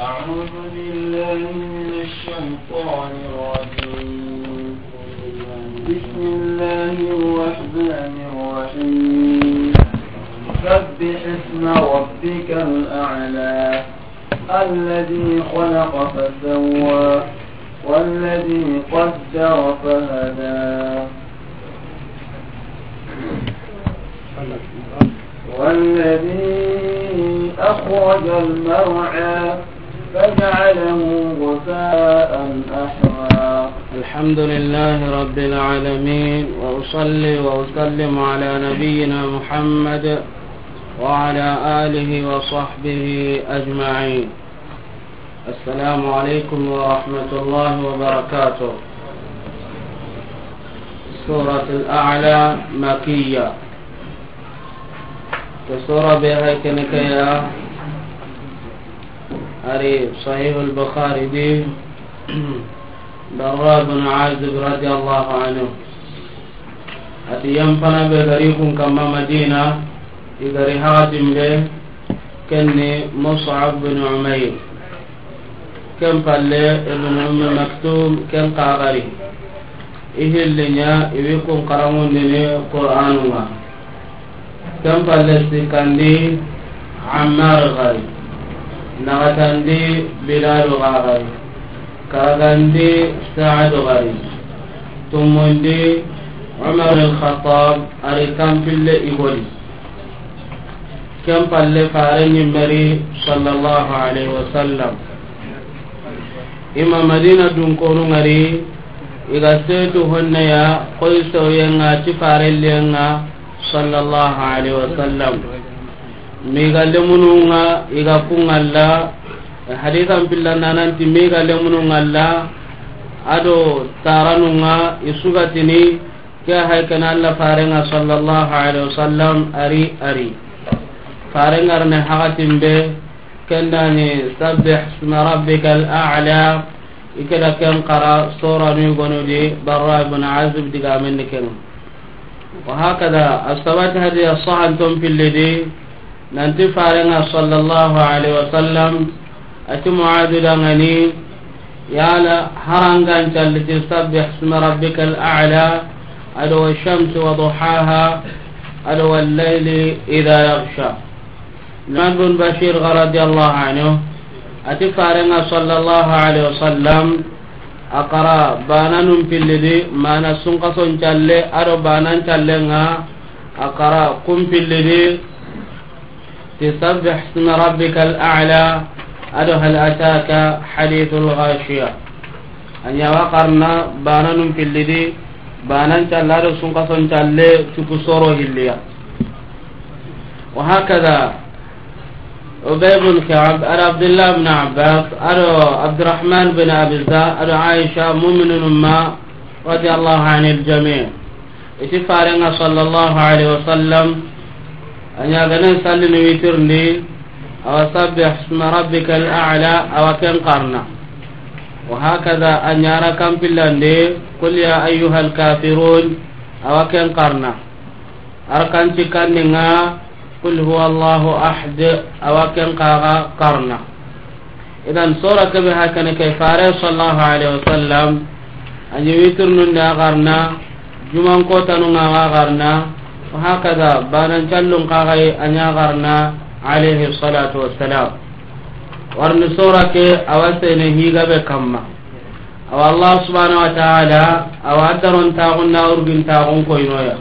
أعوذ بالله من الشيطان الرجيم بسم الله الرحمن الرحيم سبح اسم ربك الأعلى الذي خلق فسوى والذي قدر فهدى والذي أخرج المرعى فجعله غثاء أحوى الحمد لله رب العالمين وأصلي وأسلم على نبينا محمد وعلى آله وصحبه أجمعين السلام عليكم ورحمة الله وبركاته سورة الأعلى مكية كسورة بها كنكيا أري صحيح البخاري دي براء بن عازب رضي الله عنه أتي ينفنا بغريكم كما مدينة إذا رهاتم له كني مصعب بن عمير كم قال ابن أم مكتوم كم قاغري إيه اللي نيا إيكم قرمون لني قرآن الله كم قال لي عمار غريب نغتندي بلال غاري كاغندي سعد غاري ثم دي عمر الخطاب أريكم في الليل كم قال لفارن مري صلى الله عليه وسلم إما مدينة دونكورو مري iga seetu honneya koyi sewyenga ci faarelliyenga sallallahu alaihi wa sallam miga lemununga iga kungalla hadisan pillandananti miga lemunungalla ado taranunga isugatini ke haykana allah farenga sallallahu alaihi wasallam ari ari farengarne hakatin be kendani sabbih sma rabbika al'ala ikeda ken qara soranui gonudi barra ibn azib digamenni kenga wa hakada asabati hadiya sahan ton pillidi nanti farenga sallallahu alaihi wasallam ati muadu dangani yala harangan calliti sabbih isma rabbikal a'la adu ado shams wa duhaha adu ado wallayli idha yaghsha Nu'man bin Bashir radhiyallahu anhu ati farenga sallallahu alaihi wasallam akara bananum pillidi mana sunkason calle Aro banan callenga akara kum pillidi تسبح اسم ربك الأعلى أدو هل أتاك حديث الغاشية أن يوقرنا بانان في الذي بانان تلال قصن تلال تكسره اللي وهكذا أبي بن كعب أرى عبد الله بن عباس أرى عبد الرحمن بن أبي الزاء أرى عائشة مؤمن ما رضي الله عن الجميع إتفارنا صلى الله عليه وسلم anyagana sallini witirndi awa sabbih sma rabbika alala awa ken qarna wahakada anyara kampillande qul ya ayuha alkafirun awa ken qarna arkanci kanninga qul huwa allahu ahd awa ken qaga qarna idan sora kebe hakane kay fare sallallahu alaihi wasallam anyi witirnunde a qarna jumankotanunga aga qarna وهكذا بان تلون قاغي أن يغرنا عليه الصلاة والسلام warni sorake awa sene higabe kamma awa allah subhanahu wa ta'ala awa darontaxun na urgintaxun koynoya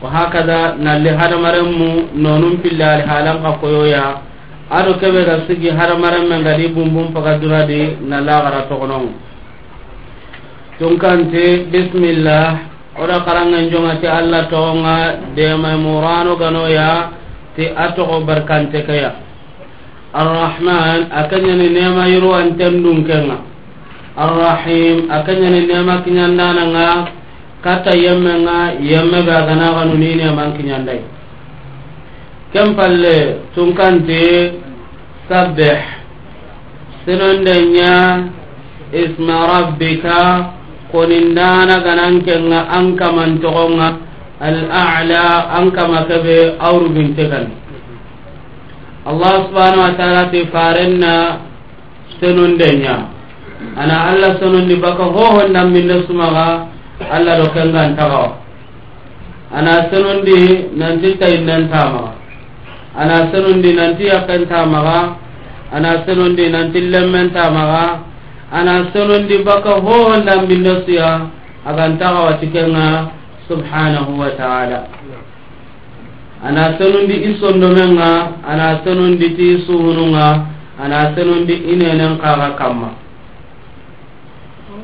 wa hakada nalli hadamarenmu nonun pille alihalan ka koyoya ado keɓe ga sigi hadamarenme ngadi bumbum paga duradi nallagara togonongu tunkante bismillah oda karangangcongati allah de mai murano ya ti ko barkante kaya arrahman ni nema yiruwanten kenna arrahim ni nema kinyanda Nanga kata yemma ga gana aganaganu ni neman kinyandai kem palle tunkanti sabbih sinondenya isma rabbika konin dana ganan kenga an kaman togonga al'a'la an kama kebe aurugin kan. Allah subhanahu wa ta'ala ti farenna senun denya ana Allah senun di baka hohon nan min da sumaga Allah do kenga antagawa ana senun di nanti tayin nan tamaga ana senun di nanti yakan tamaga ana senun di nanti lemmen tamaga anan sonondi baka hohondambindo siya agantaxawati kenga subhanahu wa taala ana sonondi i sondomenga ana sonondi ti suhununga ana sonondi i nenen kaga kamma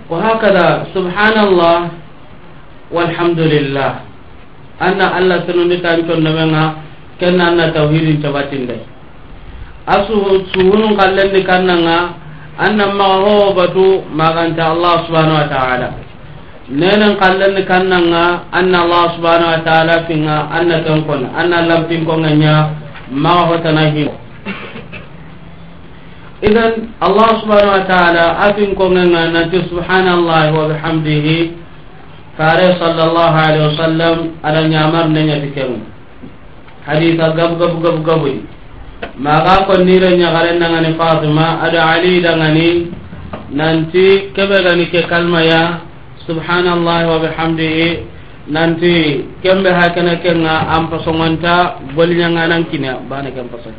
wahakada subhanallah walhamdulillah anna allah sonondi tan condomenga kenna anna tawhidin cobatinde a suhunun kallendi kannanga أن المغوبة ما أنت الله سبحانه وتعالى نين قلن كننا أن الله سبحانه وتعالى فينا أن تنقل أن لم تنقل ما هو تنهي إذن الله سبحانه وتعالى أتنكم أن سبحان الله وبحمده فاري صلى الله عليه وسلم على نعمر نجد كم حديث قب قب قب قب, قب. maga konnire ñagaren dangani fatima ada ali dangani nanti keɓe gani ke kalmaya subhanallahi wa bihamdihi nanti kembe ha kene kenga an pasongonta boliñanganan kina bane ken pasoy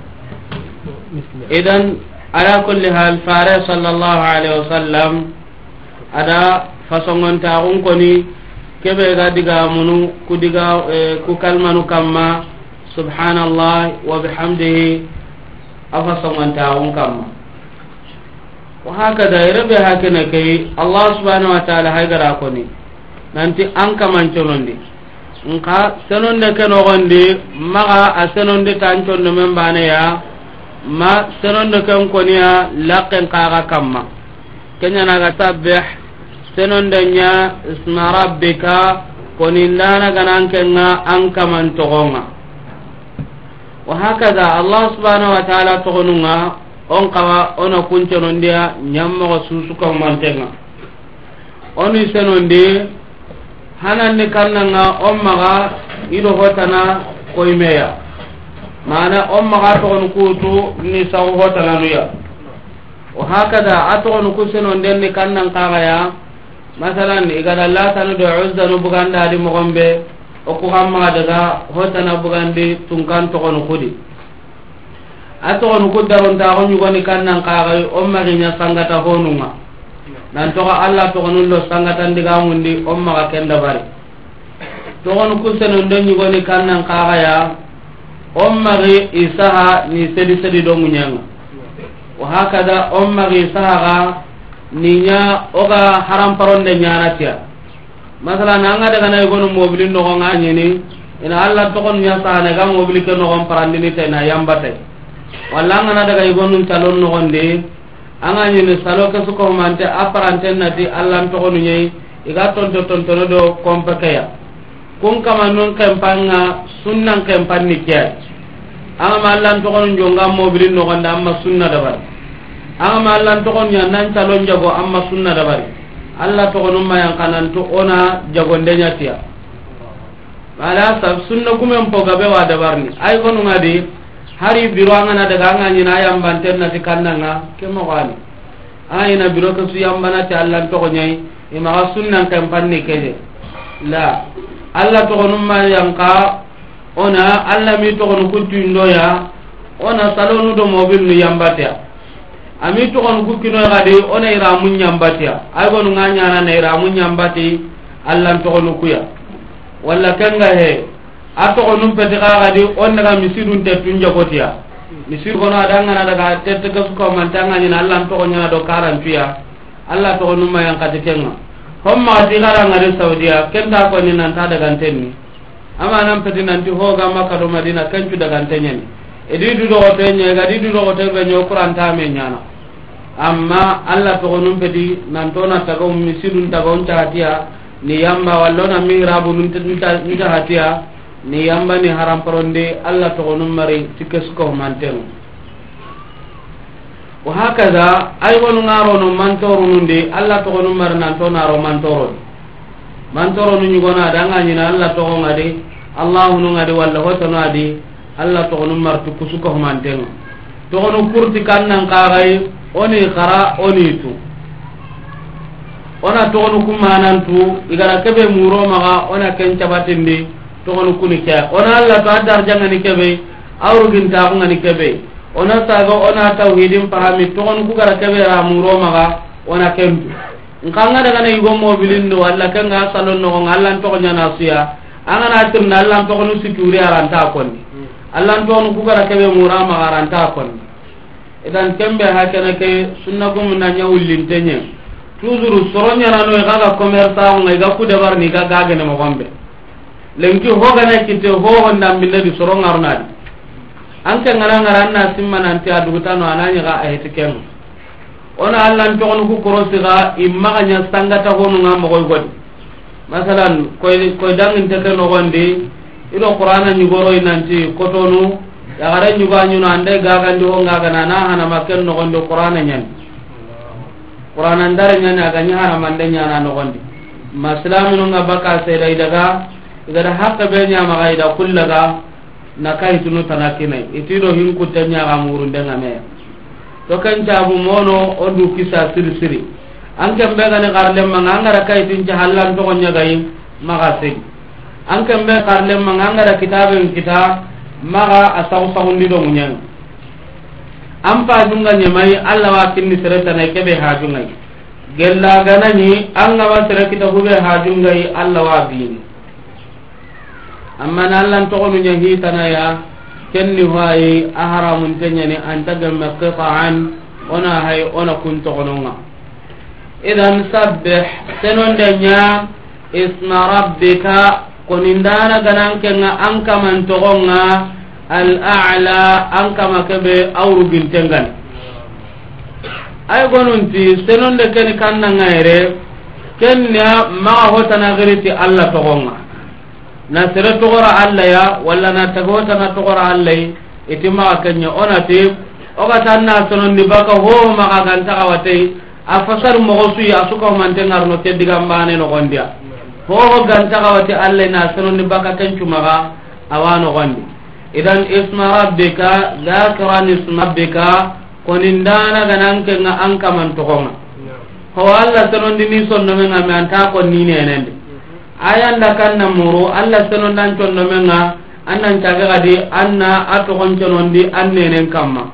idan ala kulli hal fare sallallahu alaihi wasallam ada fasongonta kun koni kebe ga diga munu ku diga eh, ku kamma subhanallah wa bihamdihi afa songantaaxun kamma wa hakada irebe na kei allah subhanahu wa taala haygara koni nanti an kamanconondi nka senonde kenogondi maga a senonde tancondo men baneya ma senonde ken koniya laqen kaga kamma kenyanaga sabbih senonde nya isma rabbika koni ndana an wa allah الله سبحانه وتعالى تغنونا on kawa ona kuncenondiya ñammoxo susukahumantenga oni senondi hananni kannanga on maxa ido hotana koymeya mana on maxa togonu kutu ni sahu hotananuya o hakada a togonu ku senondenni kannan kaxaya masalan igada latanu do uzzanu bugandadi moxonɓe oku hamma daga hotana bugandi tunkan togonu kudi a togonu kuddaronta ko ñugoni kannan kaxay o maxiña sangata honunga nantoxo allah togonun lo sangatandigamundi o maxa ken dabari togonu kusenundo ñugoni kannan ya o maxi isaha ni sedi sedi do ŋuñanga wahakada o magi maxi isahaxa niña oga haramparonde ñanatiya masalan anga daganai gono mobili nogon a ñini ina allah togon ñasane ga mobili ke nogon parandinite na yambate walla angana daga igonun salon nogon di anga ñini salo ke sukomante a paranten nati allahn togonu ñei iga tonto tontono do compekeya kun kama nun kempanga sunnan kempan ni kea angama allahn togonu jonga mobili nogonde anma sunna dabari angama allahn togonu ya nan calon jago anma sunna dabari allah togonummayankananto ona jagondeñatiya ala sab sunna gumen pogabe wa dabarni ay gonunga di hari biro angana daga angañina a yambanten nati kannanga ke moxoani aina biro ke su yambanati allahn togoñayi imaxa sunnankem panni keje la allah togonummayanka ona allah mi togonu kuntuindoya ona salonu do mobil nu yambateya ami tokon gukkinoy xadi e o nairamu ñambatiya ay gonu ga ñana nairamu ñambati allantoxonu kuya walla kenga he a toxonum peti xa xadi o naga misidun tettun jagotiya misid gono ada ngana daga tette ke sukomante a ngañina allantoxoñana do karantuya alla toxonumayanxati kenga homaxati xarangadi saudia kenta koni nanta daganten ni amanan peti nanti hogamakadomadina kencu daganteñeni edi duɗoxote ñega di duɗoxote ɓeño kurantame ñana amma allah togonun pedi nantona tagau misidun tagaun cahatiya ni yamba wallona mihrabu nun cahatiya ni yamba ni haramparonde allah togonun mari tike sukahumantengu wa hakaza ay wonu ngarono mantorunundi alla togonun mari nantonaro mantoroni mantoronu ñugona adi anga ñina alla togonga di allahununga di walla hotono adi alla togonun mari tukku sukahumantengu togonu kurti kannan kaxayi oni kara oni tu ona togonu ku manantu igara kebe muro maga ona ken cabatindi togonu kuni ke ona allah to adarjangani kebe awrugintaxungani kebe ona saga ona tawhidin pahami togonu ku gara kebe ra muro maga ona kentu nkanga daga na yugo mobilin do walla kenga salon no nga allah to nyana suya angana tirna allah to nu sikuri aranta konni hmm. allah to nu ku gara kebe muro maga aranta konni idan kembe ha kene ke sunna gumu na nya ullintenye toujours soronya na no e ga commerçant ngai e ga ku debar ni ga ga ne mo gombe lenki ho ga na kite ho honda minne di soronga arnadi an ke ngara ngara na simma nan ti adugutano ananya ga ahete kemu ona allan togonu ku korosiga immaxaña sangata honunga mogoy godi masalan koy koy danginte ke nogondi ido qur'ana ñigoroy nanti kotonu yagara ñubañuno ande gagandi o ngagana na hanama ken nogondi qur'ana ñani qur'ana ndara ñani agañi hanamande ñana nogondi ma silaminunga bakka seeda idaga igada hakke be ñamaga ida kullaga naka hitunu tanakinai itido hinkutte ñaga murundenga meya to ken cabu mono o du kisa siri siri an ken be gani garlemmanga angara kayitinca hallantogo ñagayi maga segi an ken be garlemmanga angara kitaben kita maga a sagusagundido muñanga an fadunga ñemayi allah wa kinni seretanai keɓe hajungayi gellaganani an gama serekita huɓe hajungayi allah wa bini amman allahntogonuña hitanaya kenni hayi a haramunte ñani anta gemme qitaan ona hay ona kuntogononga idan sabbih senonde ña isma rabbika koni ndana ganankenga an kaman togonga al ala an kama keɓe aurugintengani ay gonunti senonde keni kannanga yere kenna maga hotanagiriti allah togonga na sere togora allah ya walla na tage hotana togora allahy iti maga kenya onati ogatanna sonondi baka hoo maga gantagawatey a fasar mogo suyi a sukahumantengarno keddigambane nogondiya no hoho gantakawati allah na sononi baka kencumaga awanogondi idan isma rabbika dakiran isma rabbika konindana gananka ankaman togonga ho allah sonondi ni sonnomengami anta konninenendi ayanda kanna muru allah sonondi an connomenga annancage gadi anna a togonconondi an nenen kamma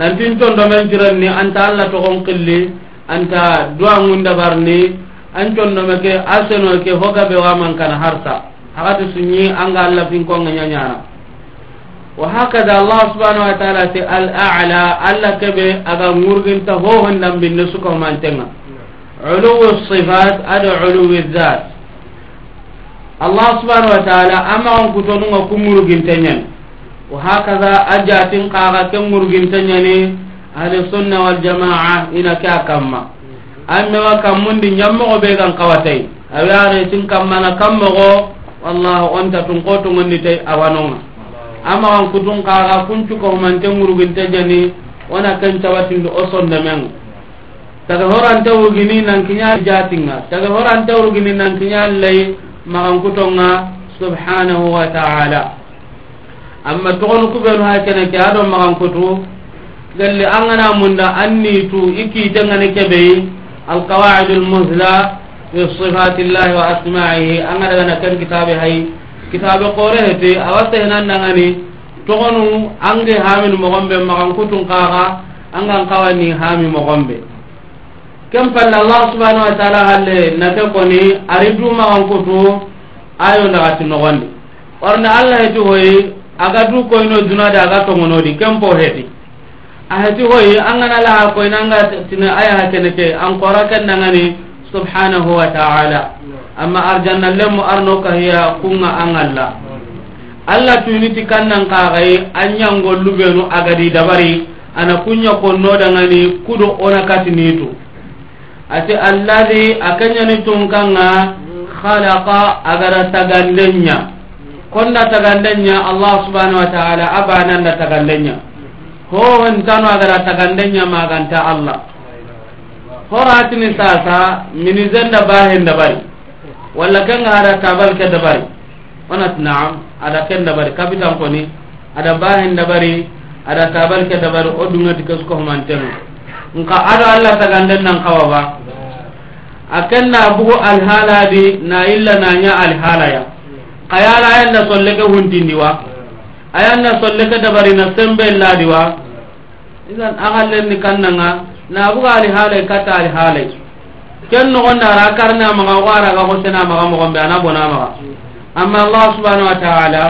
nantin condomen jiranni anta allah togon killi anta duwa ngundabarni an condome ke a seno ke hogabe wamankana harta hakati sunyi anga allah finkonga ñañana wa hakada allah subhanau wa taala te al ala allah keɓe aga ngurginta hohondambinne sukahumantenga uluwu sifat ada uluwi dhat allah subhanau wa taala amaxon kutonunga ku murginteñani wa hakada a jatin kaxa ke murginteñani ahli sunna waljamaa ina ke a kamma amme wa kammundi nyammogo be gan kawatai awiyare tin kammana kammogo wallahi onta tun ko tungondi tay awanonga ama kan kutun kaga kuncu ko mante nguruginte jani ona kan tawatindi osonde menga taga horante wugini nankinya jatinga taga horante wugini nankinya lay makan kutonga subhanahu wa ta'ala amma togonu kubenu ha kene ke ado makan kutu galle angana munda annitu ikitengane kebeyi القواعد المزلى في صفات الله وأسمائه أنا لنا كان كتاب هاي كتاب قوله تي أوسه نانغاني تغنو أنجي هامي المغمب مغم كتن قاغا أنجان قواني هامي مغمب كم فل الله سبحانه وتعالى هل نتقني أريدو مغم كتو أيو نغات النغاني ورن الله تهوي أغادو كوينو دنادي أغاتو منودي كم فوهدي ahati hoy an la laha koy nanga tina aya kene ke an qora kan nangani subhanahu wa ta'ala amma arjanna lemu arno ka hiya kunga an alla alla kan kannan ka gai an yango lubenu agadi dabari ana kunya ko no dangani kudo ona katinitu ati alladhi akanya ni tunkanga khalaqa agara tagandenya konda tagandenya allah subhanahu wa ta'ala abana na tagandenya ho ntano agara takandenya maganta allah horatini sasa minizenda bahen dabari walla kenga ada tabal ke dabari onat naam ada ken dabari kapitan koni ada bahen dabari ada tabal ke dabari o dungati kesukohumantenga nka ado allah taganden nan kawaba akenna bugu alhala di na illa nanya alhala ya kayala ayanna solleke hundindiwa ayanna ke dabari na sembe ladiwa izan agallenni kannanga nabugaali haalay kattaali haalay ken nogonnaara a karne amaga ogo araga hosene amaga mogonɓe ana bonamaga amma allah subhanau wa taala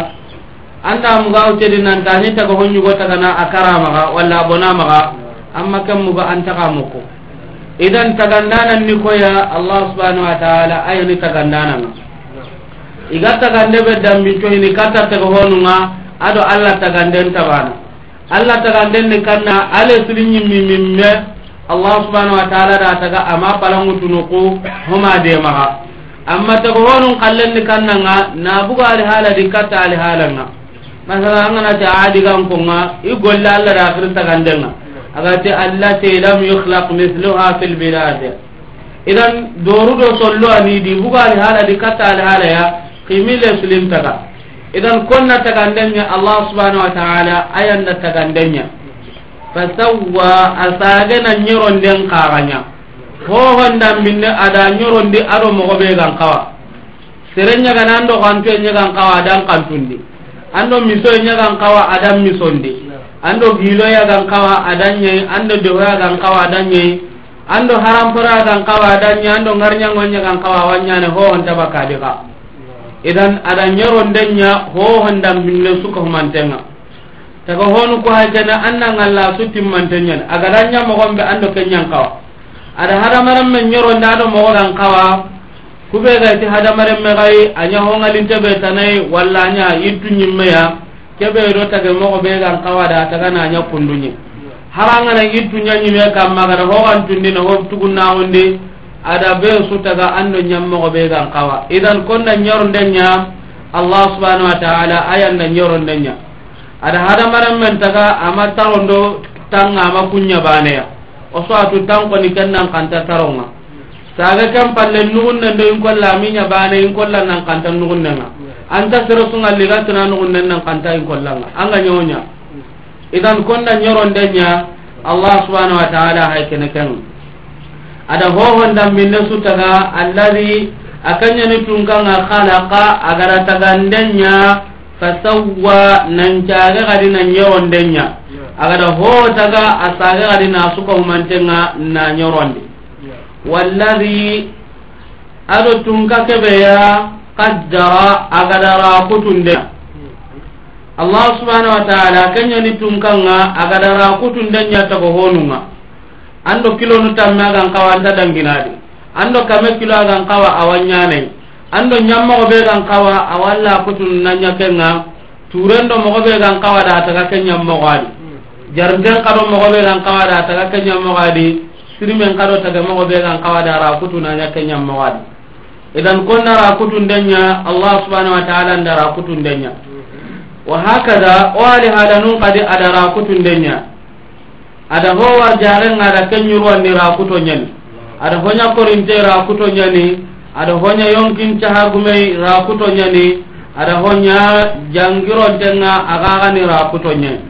anta muga awtedi nanta ni taga honnyugo tagana a karamaga walla a bonamaga amma ken muga antaga mokko idan tagandananni koya allah subhanau wa taala ayoni tagandananga iga tagande ɓe dambi coyini katta taga honunga ado allah taganden tabana allah taga ndenni kanna ale siriñimmimin me allah subhanau wa taala da taga ama palanŋutunuku homa demaha amma taga honun kallenni kanna nga nabugo ali hala di katta ali hala nga masala anganati adiganko nga i golle allah da kiri tagande nga agati allati lam yuhlak misluha fi lbilade idan doru do sollu anidi bugo ali hala di katta ali hala ya kimile silin taga idan konna tagandenya allah subhanahu wa ta'ala ayanda tagandenya fasawwa asagena nyorondeng karanya hohon dan minne ada nyorondi aro mogo be gan kawa serenya ganando kwantwe nyegan kawa dan kantundi ando miso nyegan kawa adam misondi ando gilo ya gan kawa adanye ando dewa ya gan kawa adanye ando haram pura gan kawa adanye ando ngarnya ngonya gan kawa wanyane hohon tabakadika ka idan ada nyaron denya ho handam minne suka mantenga taka honu ko hajana anna ngalla suti mantenya aga danya mo gombe ando kenyan kawa ada haramaram men nyaron da do mo ran kawa kube ga ti haramaram me gai anya ho ngalin tebe tanai walla nya yiddu nyimme ya kebe do taka mo gombe ran kawa da taka na nya kundunyi haranga na yiddu nya nyime kam magara ho kan tundina ho tugunna onde ada be sutaga ando nyammo be gan kawa idan konna nyoro denya allah subhanahu wa taala ayanda nyoro denya ada hada maram men taga ama tarondo tanga ama kunya bane ya oso atu tang ko nikan nan kanta taronga saga kam palle nugun nan do ko la minya bane in ko nan kanta nugun nan anta sero sunga liga tuna nugun nan nan kanta in ko langa anga nyonya idan konna nyoro denya allah subhanahu wa taala hay kenekan ada hoho ndambinne sutaga allahi akanyani tunkanga halaka agarataga ndenya fasawa nancage gadi na nyoro ndenya agada hoho taga asage gadi na sukamumantenga na nyorondi wallahi ado tunka keɓeya kaddara agadara kutunde allah subhanau wa taala kenyani tunkanga agadara kutundenya tago honunga ando kilo nu tamme agan kawa anta danginadi ando kame kilo agan kawa awañanai ando ñammogoɓe gan kawa awalla kutun naña kenga turendo mogoɓe gan kawa da taga ke ñammogo adi hmm. jarnten kado mogoɓe gan kawa da taga ke ñammogo adi sirimen kado taga mogoɓe gan kawa da ra kutu naña ke ñammogo adi idan ko nara kutun denya allah subhanahu wa taala ndara kutun denya hmm. wa hakada o ali hada nun kadi adara kutun denya ada ho war jaren ngada ken nyuruan ni rakuto nyani ada ho nya korinte rakuto nyani ada ho nya yong kin cha gume rakuto nyani ada ho nya jangiro denga agaga ni rakuto nyani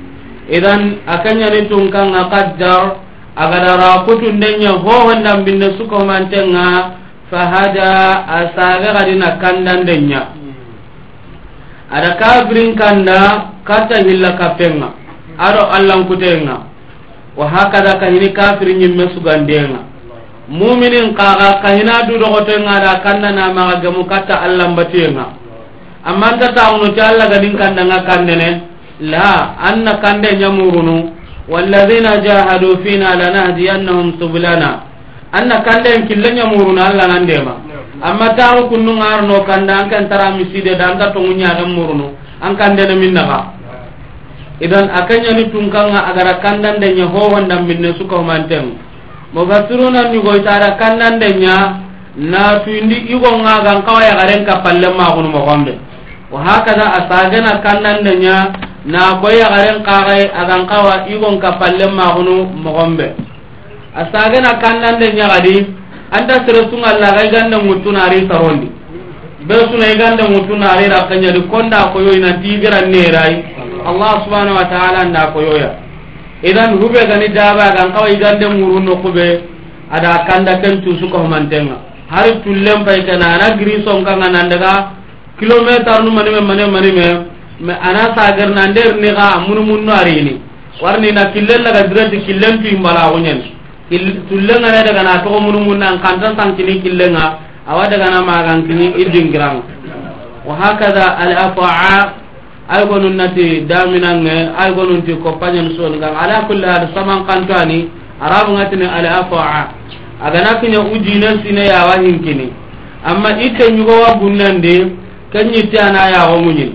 idan akanya ni tungkang ngakajar agada rakuto ndenya ho hondam binne suko mantenga fahada asaga gadina kandan denya ada kabrin kanda kata hilla kapenga aro allang kutenga wa hakada ka hini kafir nyim mesugan denga mu'minin qaga ka hina du do goto ngara kanna na ma ga mu kata Allah batenga amma ta ta uno ta Allah ga din kanda nga kandene la anna kande nyamurunu walladhina jahadu fina lanahdiyannahum subulana anna kande en kille nyamurunu Allah nande ma amma ta ko kunnu ngar no kanda an kan tara miside dan ta to munya ngamurunu an kande ne minna idan a kañani tun kanga agara kandande ña howondan min ne sukahumanten mofassiruna nugoytaara kandande ña natuindi igongagan kawa yagaren kapallen magunu mogonɓe wa hakada a sagena kandande ña na ko yagaren kaxe agan kawa igon kapallen magunu mogonɓe a sagena kandande ñagadi anta sere sungallaga igande ŋuttunari sarondi be suna igande ŋuttunari rakeñadi konda koyoinanti igiran nerayi allah subhanau wa taala nda ko yoya idan huɓe gani dabagan kawa igande murunno kuɓe ada kanda ken cuusukohumantenga hari tullen payke naana grison kanga nandaga kilométre numanime manime manime ma ana sager nanderniga munumunno arini warni na killen laga direct killen tuimbalaguñen tullengane daga na togo munumunna an kanta sankini killenga awa dagana magankini idingiranga wa hakada al afaa ay gonun nati ne ay gonun ti kopañen soni gam ala kulli hal saman kanto ani arabu ngatini al afa'a agana ne ujine sine wahin kini amma ite itte ñugowa gunnandi ken ñitte ana yawo muñin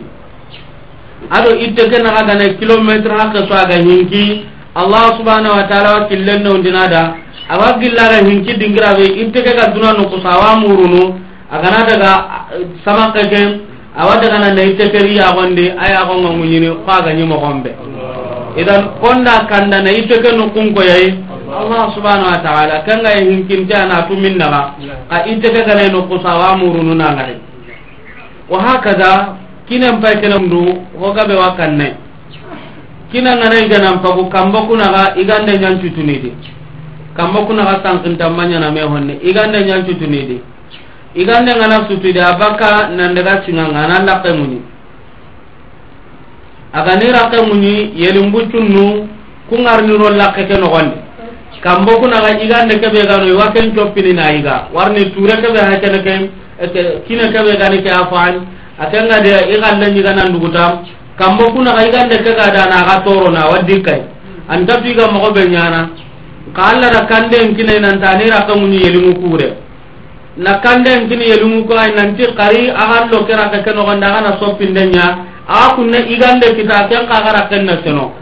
aɗo ite ke naxa gana ha ka swa ga hinki allah subhanahu wa taala wa dinada awa gillara hinki dingiraɓe ite ke ga duna nukusa awa murunu agana daga eh, samakeke awadagana nayi teperi yagondi ayagonga muñini kaga ñimogonɓe idan konda kanda nayi teke nukunkoyayi allah subhanau wa taala kengaye hinkinte anatu min naga ka i teke ganayi nuku sawa murunu nangari wa hakada kinenpay kenemdu hogaɓe wa kannayi kina ngana igana mpagu kamba kuna ga igande nyanchu tunidi kamba kuna ga sankinta manya na mehonne igande nyanchu tunidi igande ngana sutude a bakka nandaga cinganga ana lakke muñi agani rakke muñi yelimbuccunnu kungarniro lakke ke nogondi kambo kunaga igande keɓe gano iwa ken coppinina yiga warni ture keɓe ha kene ke kine keɓe gani ke a fani a kengade i xalle ñiganandugutam kambo kunaga igande ke gadana axa torona awa dikkay anta piga moxo ɓe ñana ka allata kanden kinenantani rakke muñi yelimu kure na kanden tini yelungu ko ay nanti qari ahan lo kera ka keno gonda kana soppinde nya a kunne igande kita ken ka gara kenna seno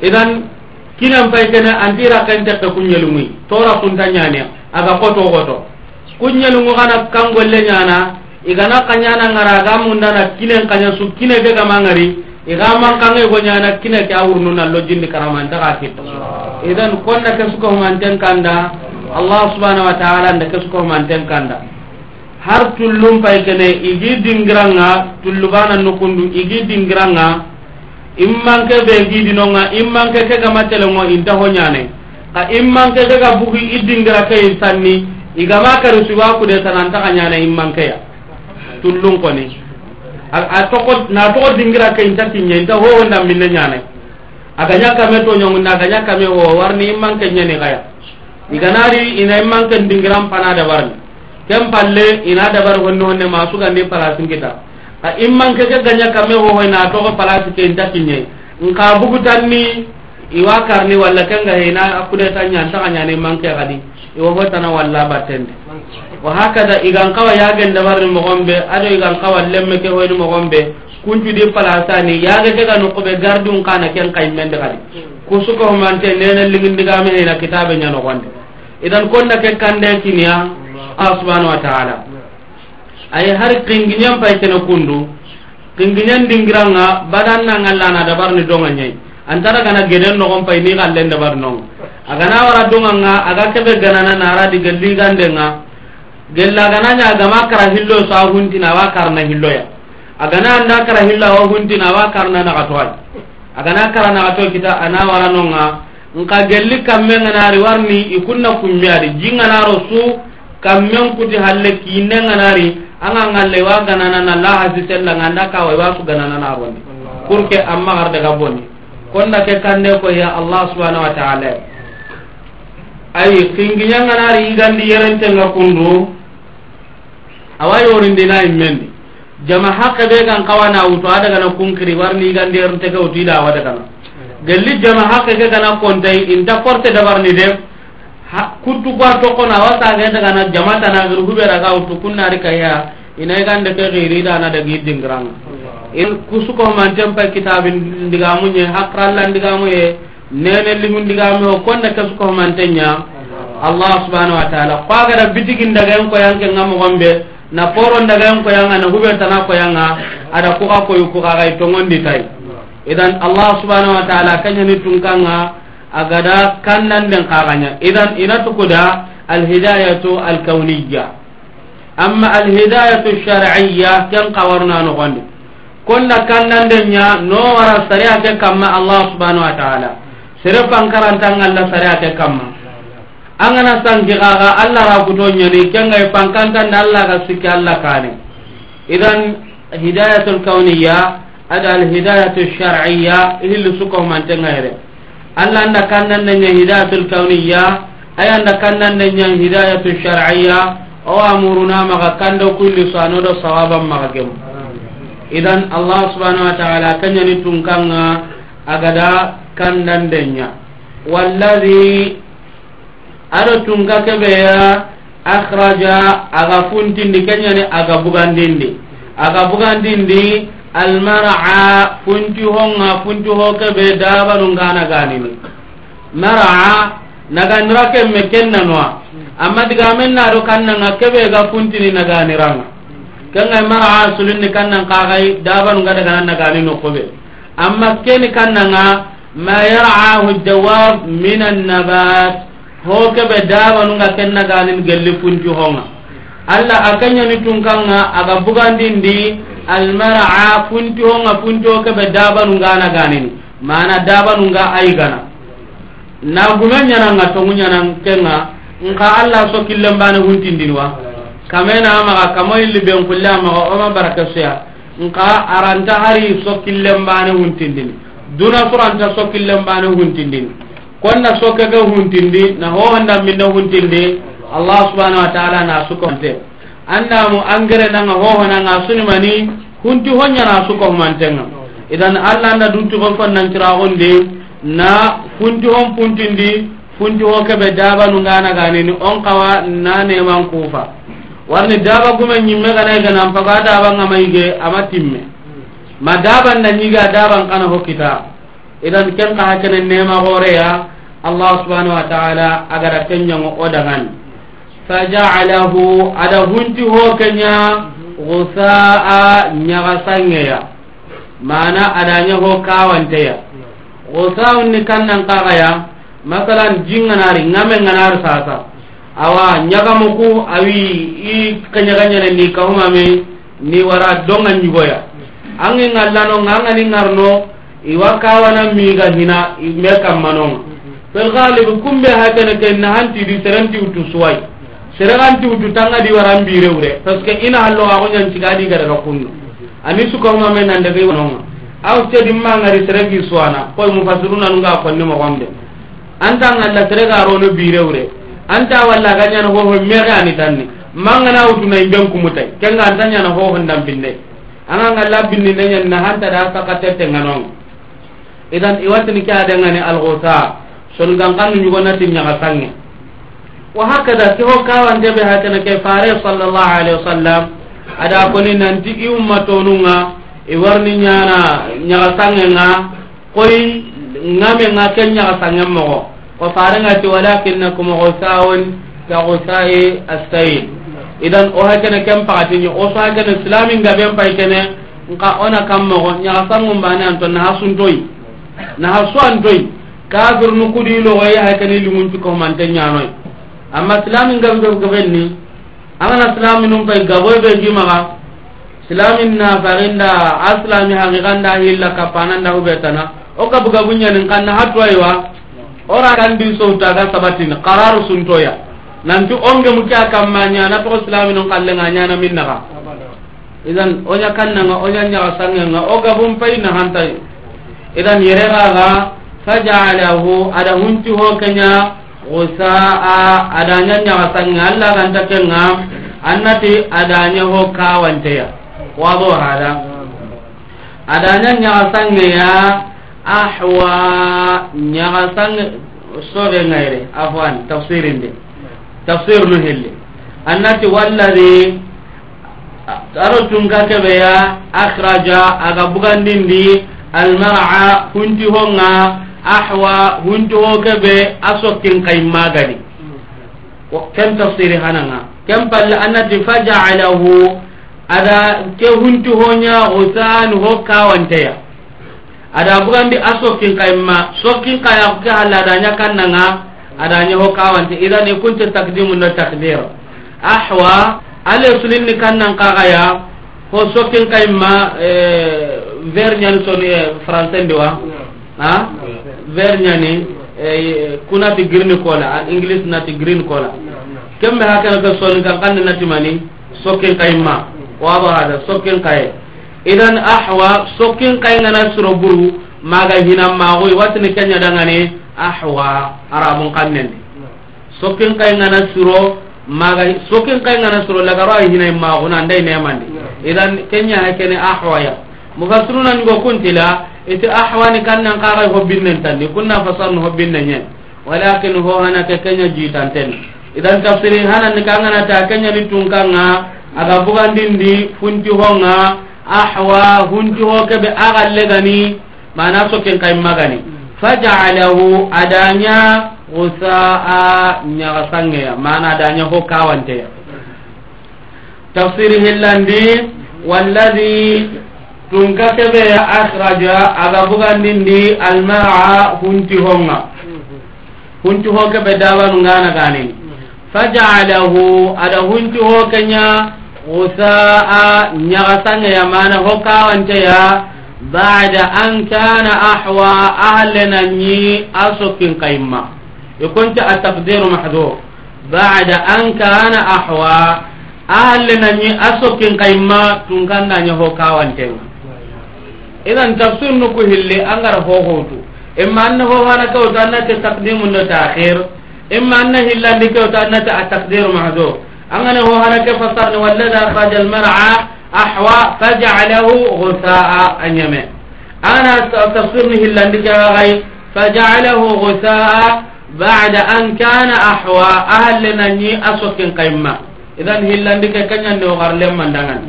idan kinan fay kenna antira ken te ko nyelungu to ra kun tanya ne aga koto koto kunyelungu kana kan golle nya na igana kanya na ngara ga munda na kinen kanya su kine be ga mangari iga man kan e go nya na kine ka wurnu na lo jinni karamanta ka kit idan konna ke su ko man ten kanda allah subhanahu wa taala nde kesukohumanten kanda har tullum pay kene igi dingiranga tullubana nukundu igi dingiranga immanke ɓe giidinonga immanke kega matelengo inta hoñane ka immanke kega bugi i dingira ke in sanni igama kari suwa kude tanantaka ñane immankeya tullum koni atoko na toko dingira ke inta tiñe inta hoho ndamminne ñane a gañakame to ñongu nda gañakame hoho warni immanke ñeni xaya iganari ina manke dingiran pana dabarni ken palle ina dabar honni honne masugandi palasi nkita a in manke ke ganya kamme hohoyna togo palasi ke inta kiñe nka bugutanni iwa karni walla kengahe ina akudetanya ntaganyana i manke hadi iwohotana walla battende wahakada igankawa yagen dabarni mogonɓe ado igankawa lemme ke hoyni mogonɓe kuncudi palasani yage kega nukuɓe gardi unkana ken kaimmende hadi hmm. kusukohumante nene ligindigameena kitabe ñanogonde idan konna ken kande kiniya allah subhanahu wa ta'ala ay har kinginyan pay kene kundu kinginyan dingiranga badan na ngalla na dabar ni donga nyai antara kana geden no kon pay ni kallen dabar no aga na wara donga nga aga kebe gana na nara di gelli gandenga gella gana nya gama kara hillo sa hunti na wa karna hillo ya aga na anda kara hillo wa hunti na wa karna na katwa aga na kara na katwa kita ana wara no nga nka gelli kamme ŋanari warni ikunna kummeadi ji ŋanaro su kammen kuti halle kiinne ŋanari anga ŋalla iwa gananana lahasi sella ŋanda kawa iwa su gananana roni pour ke an magar daga boni konnake kande ko ya allah subhanau wa taala ayi kingiɲa ŋanari igandi yerentenga kundu awa yorindina immendi jama hakke be gan kawana wuto a dagana kunkiri warni igandi yerentege wutu ida awa dagana gelli jama hakke ke gana kontay inta porte dabar ni dem kuttu kwa toko na wasa ke daga na jama tana gir hube raka utu kunna ri kaya ina ga ndeke giri da na dagi dingrang in kusuko man tempa kitabin ndigamu nye hakralla ndigamu ye nene limu ndigamu ye konne kusuko man tenya Allah subhanahu wa ta'ala kwa gara bitikin daga yanko yanke ngamu gombe na poro ndaga yanko yanga na hube tana koyanga ada kuka koyu kuka gai tongon ditai idan allah subhanahu wa taala kañani tunkanga agada kannan den kaganya idan inatukuda alhidayatu alkauniya amma alhidayatu shariya ken kawarna nogondi konna kannan denya no wara sari ake kamma allah subhanahu wa taala sere pankarantan allah sari ake kamma angana sanki kaga allah rakutonyani kengai pankantan allah ga siki allah kani idan hidayatu alkauniya ada alhidayatu shar'iyya hilli sukahumantengayre alla anda kandandeñan hidayatu lkawniya ay anda kandandeñan hidayatu shar'iyya owa muruna maga kando kulli sanodo sawaban maga gemu idan allah subhanau wa taala kañani tun kanga agada kandandeña wallahi aɗo tunka keɓeya akraja aga funtindi keñani aga bugandindi aga bugandindi almaraa funtihonga funtihokeɓe dabanu nganaganini maraa nagandira kemme kennanuwa amma digamen nado kannanga keɓega funtini naganiranga kengay maraa sulinni kannan kaxay dabanu nga dagana nagani nokkoɓe amma keni kannanga ma yaraahu dawab min annabat hokeɓe dabanu nga kennaganin gelli funtihonga allah akeñani tunkanga aga bugandindi almaraa funtioga funtio keɓe dabanungana ganini mana dabanunga aigana nagume ñananga togu ñanan kega nka allah so killembane huntindinwa kamenamaga kamoilli ben kulle amaga oma barake soya nka aranta hari so killembane huntindini duna suranta so killembane huntindini konna so keke huntindi na hohondamminne huntindi allah subhanau wa taala na sukonte andamo engrais danga hohonanga sunimani hunti honyana sukohmantenga idan allah anda dunti hon kon nankiragondi na funti hon puntindi funti ho keɓe daba nunganaganini on kawa na neman kufa warni daba gume ñimme ganaganan faga dabanga mayige ama timme ma daban da ñiga daban kana hokkita idan ken kaha kene nema horeya allah subhanahu wa taala agara kenñango o dagani فجعله على هنتي هو كنيا غساء نغسانيا معنى على نهو كاوانتيا غساء نكنا نقايا مثلا جين ناري نمن نار ساسا أو نغمكو أوي إي كنيا كنيا نني كهمامي ni wara dongan jugoya angi ngallano ngangani ngarno iwa kawana miga hina me kammanonga fil ghalib kumbe hatene ke na hanti di serenti utu suwai serenanti utu tangadi waran birewre parce que ina hallo ako ñancigadi gadaga kunno ani sukamame nandegeinonga aw sedimmangari seregi suwana koy mufasirunanunga konni mogonde anta ngalla seregarono birewre anta walla aga ñana hoho mexe ani tanni mangana utunai benkumutay kenga anta ñana hoho ndambinde anga ngalla bindinde ñanna hanta da sakatettenganonga idan iwatini ke adengani alhosa songankannu ñugonatin ñaga sange wa hakada ke ho kawanteɓe hakana ke fare sallllah alih wa sallam aɗa koni nanti i ummatonunga i warni ñana ñagasangenga koy ngamenga ke ñagasangen mogo ko farengati walakinnakum gosawun ka gosai astayin idan o hakene ken pagatiñi oso hakene silami ngaɓen pay kene nka ona kam mogo ñagasangumbane anto naha suntoyi naha su antoyi kafirnu kudi logoye hakene limuncikohmante ñanoy amma silami ngamgegoxenni agana silami num pay gaboy ɓe gimaxa silami nafarinda a silami haxixanda xilla kappananda huɓetana o gabgabuñanin xanna xa toywa orakandin sowtaga sabatin qararu suntoya nanti ongemuke a kamma ñana toxo silami num xallenga ñana min naxa idan o ñakannanga o ñañaxa sangenga o gabum pay naxantay idan yerexaxa fajaalahu aɗa xuntixo keña osaa adaña ñaxasanga an laganta kenga annati adaña ho kawanteya waso hada adaña ñaxasangeya axwa ñaxasange soge ngayre afan tafsirinde tafsir no helle annati wallari aro cunka keɓeya akraja aga bugandindi almara kunti honga axwa huntuhokeɓe a sokkin kayim magani ken tafsiri hananga ken palle annati fajaalahu ada ke huntuhoña osan ho kawanteya ada bugandi a sokkin kayimma sokkin kayaku ke halla adaña kannanga adaña ho kawante idan ikunte takdimu no takdir axwa ale sulinni kannan kaxaya ho sokkin kayimma eh, verñani soni eh, françai ndiwa ha verñani e, kunati green cola a english nati green cola kembe ha kenaka soninkan kandi natimani sokkin kay ma waɗoraɗa sokkin kaye idan ahwa sokkin kay ngana suro buru maga hinan maxuy watini keñaɗangani ahwa arabun kannendi sokkin kay ngana suro maga sokkin kay ngana suro lagaroa hinay maxuna anday nemandi idan keñaha kene ahwaya mufassiruna ñugo kuntila iti ahwani kannan kaxa hobbinnen tandi kun na fasarnu hobbinneñen walakin hohanake keña jiitanten idan tafsirin hananni kanganati a keñani tunkanga aga bugandindi funtihonga ahwa funtiho keɓe axallegani mana soken kayi magani fajaalahu adaña usaa ñaxasangeya mana adaña ho kawanteya tafsiri hillandi wallahi tunka keɓeya akhraja aga bugandindi almaa huntihonga huntiho keɓe dabanunganaganini fajalahu ada ho kenya gusaa ho mana hokawanteya bada an kana ahwa ahlenanyi a asokin kayimma ikonti ataqdiru mahdur bada an kana ahwa asokin a sokkin kayimma ho hokawantenga inan tafsir nu ku hille an gara hohotu imma anna hohana kewtu annate taqdimu no taakhir imma anna hillandi kewtu annate ataqdiru mahdo angane hohana ke fasarni wallada akhraja almara ahwa fajalahu gusaa anyame angana tafsir ni hillandi kewagay fajalahu gusaa bada an kana ahwa ahallenanyi asokin kaimma idan hillandi ke kanyanni wogarlemmandangan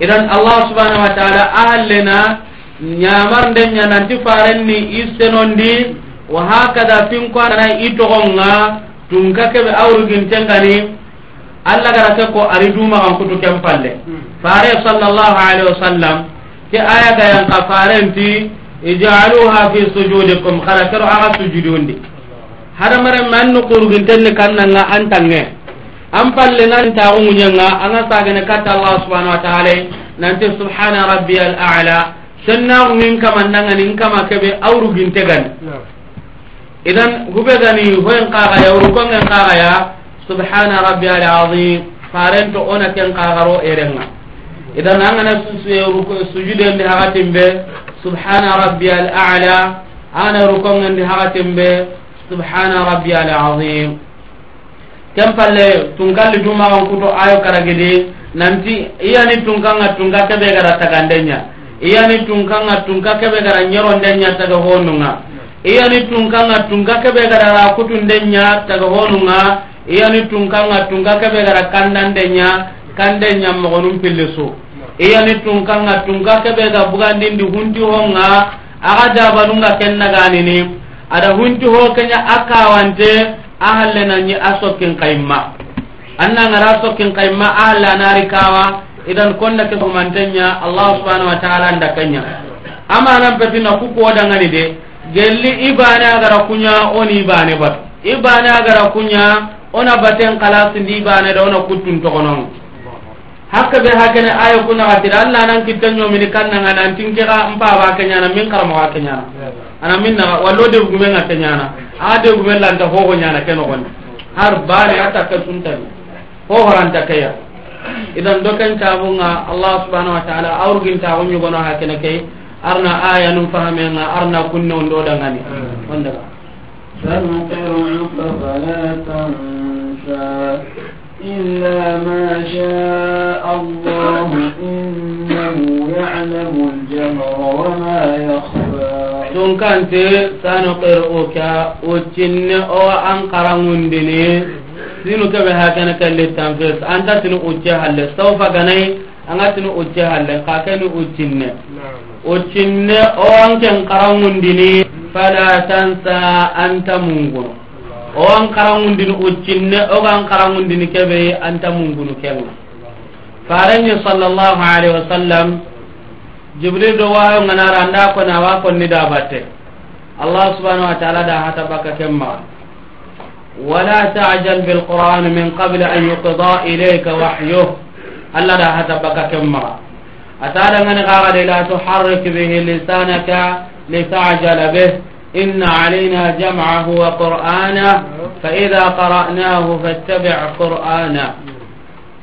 idan allah subhanahu wa taala ahallena ñamar ndeña nanti farenni i senondi wa hakada finko anana i togonga tunka keɓe awruguintengani allah gara ke ko ari dumakan kutu ken palle hmm. fare sal llahu alaihi wasallam ke aya gayanka farenti ijaluha fi sujudikum kara kero aga sujudundi hada mara man nu kurugin tenne kannanga antange an palle nan ta ngunya nga anga sagene katta allah subhanahu wa ta'ala nante subhana rabbiyal a'la sennaaruin kama ndaganin kama keɓe aurugintegani idan huɓe gani hoyen kaxaya urukongen kaxaya subhana rabi al adim farento ona ken kaxaro erenga idan angana e sujudendi haxatinɓe subhana rabi al ala ana rukongendi haxatinɓe subhana rabi al adim ken palle tunkalli tumaxan kuto ayo karagidi nanti iyani tunkanga tunga keɓe gara tagandeña iyani tunkanga tunka keɓe gara ñerondeña taga honunga iyani tunkanga tunka keɓe gara rakutundeña taga honunga iyani tunkanga tunka keɓe gara kandandeña kandeña mogonum pillisu iyani tunkanga tunka keɓe ga bugandindi hunti honga aga dabanunga kennaganini ada hunti ho kenya akawante ahallenañi a sokkin kayimma annangara sokkin kayimma ahalle anari kawa idan konna ke mantenya allah subhanahu wa ta'ala ndakanya kanya ama nan petina ku ko ngani de gelli ibana gara kunya oni ibane bat ibana gara kunya ona baten kala sindi ibane da ona kutun to kono hakka be hakene ayo kuna atira allah nan kitanyo kan kanna ngana antinke ga mpa ba kenya na min karma wa kenya ana minna wallo de gumen ngata nya na ade gumen lan ta hogo nya na keno gon har bare ata ka sunta ho horanta kaya idan dokan tabunga allah subhanahu wa ta'ala awrugin tabun yugono hakene kay arna aya num fahamenga arna kunne on do dangani onda سنقرعك فلا تنسى إلا ما شاء الله إنه يعلم الجهر وما يخفى tun kante sanu qir'uka ucinne o an qarangundini sinu kebe hakene kalli tanfes anta tinu ucce halle sawfa ganai anga tinu ucce halle ka keni uccinne uccinne o anken karangundini fala tansa anta mungunu o an karangundini uccinne oga an karangundini kebe anta mungunu kenga farenye sallallahu alaihi wasallam jibril do wayo randa ko kona wa ko da batte allah subhanahu wa ta'ala da hata baka kemma ولا تعجل بالقرآن من قبل أن يقضى إليك وحيه ألا لا هتبك كمرة أتالا من غارد لا تحرك به لسانك لتعجل به إن علينا جمعه وقرآنه فإذا قرأناه فاتبع قرآنه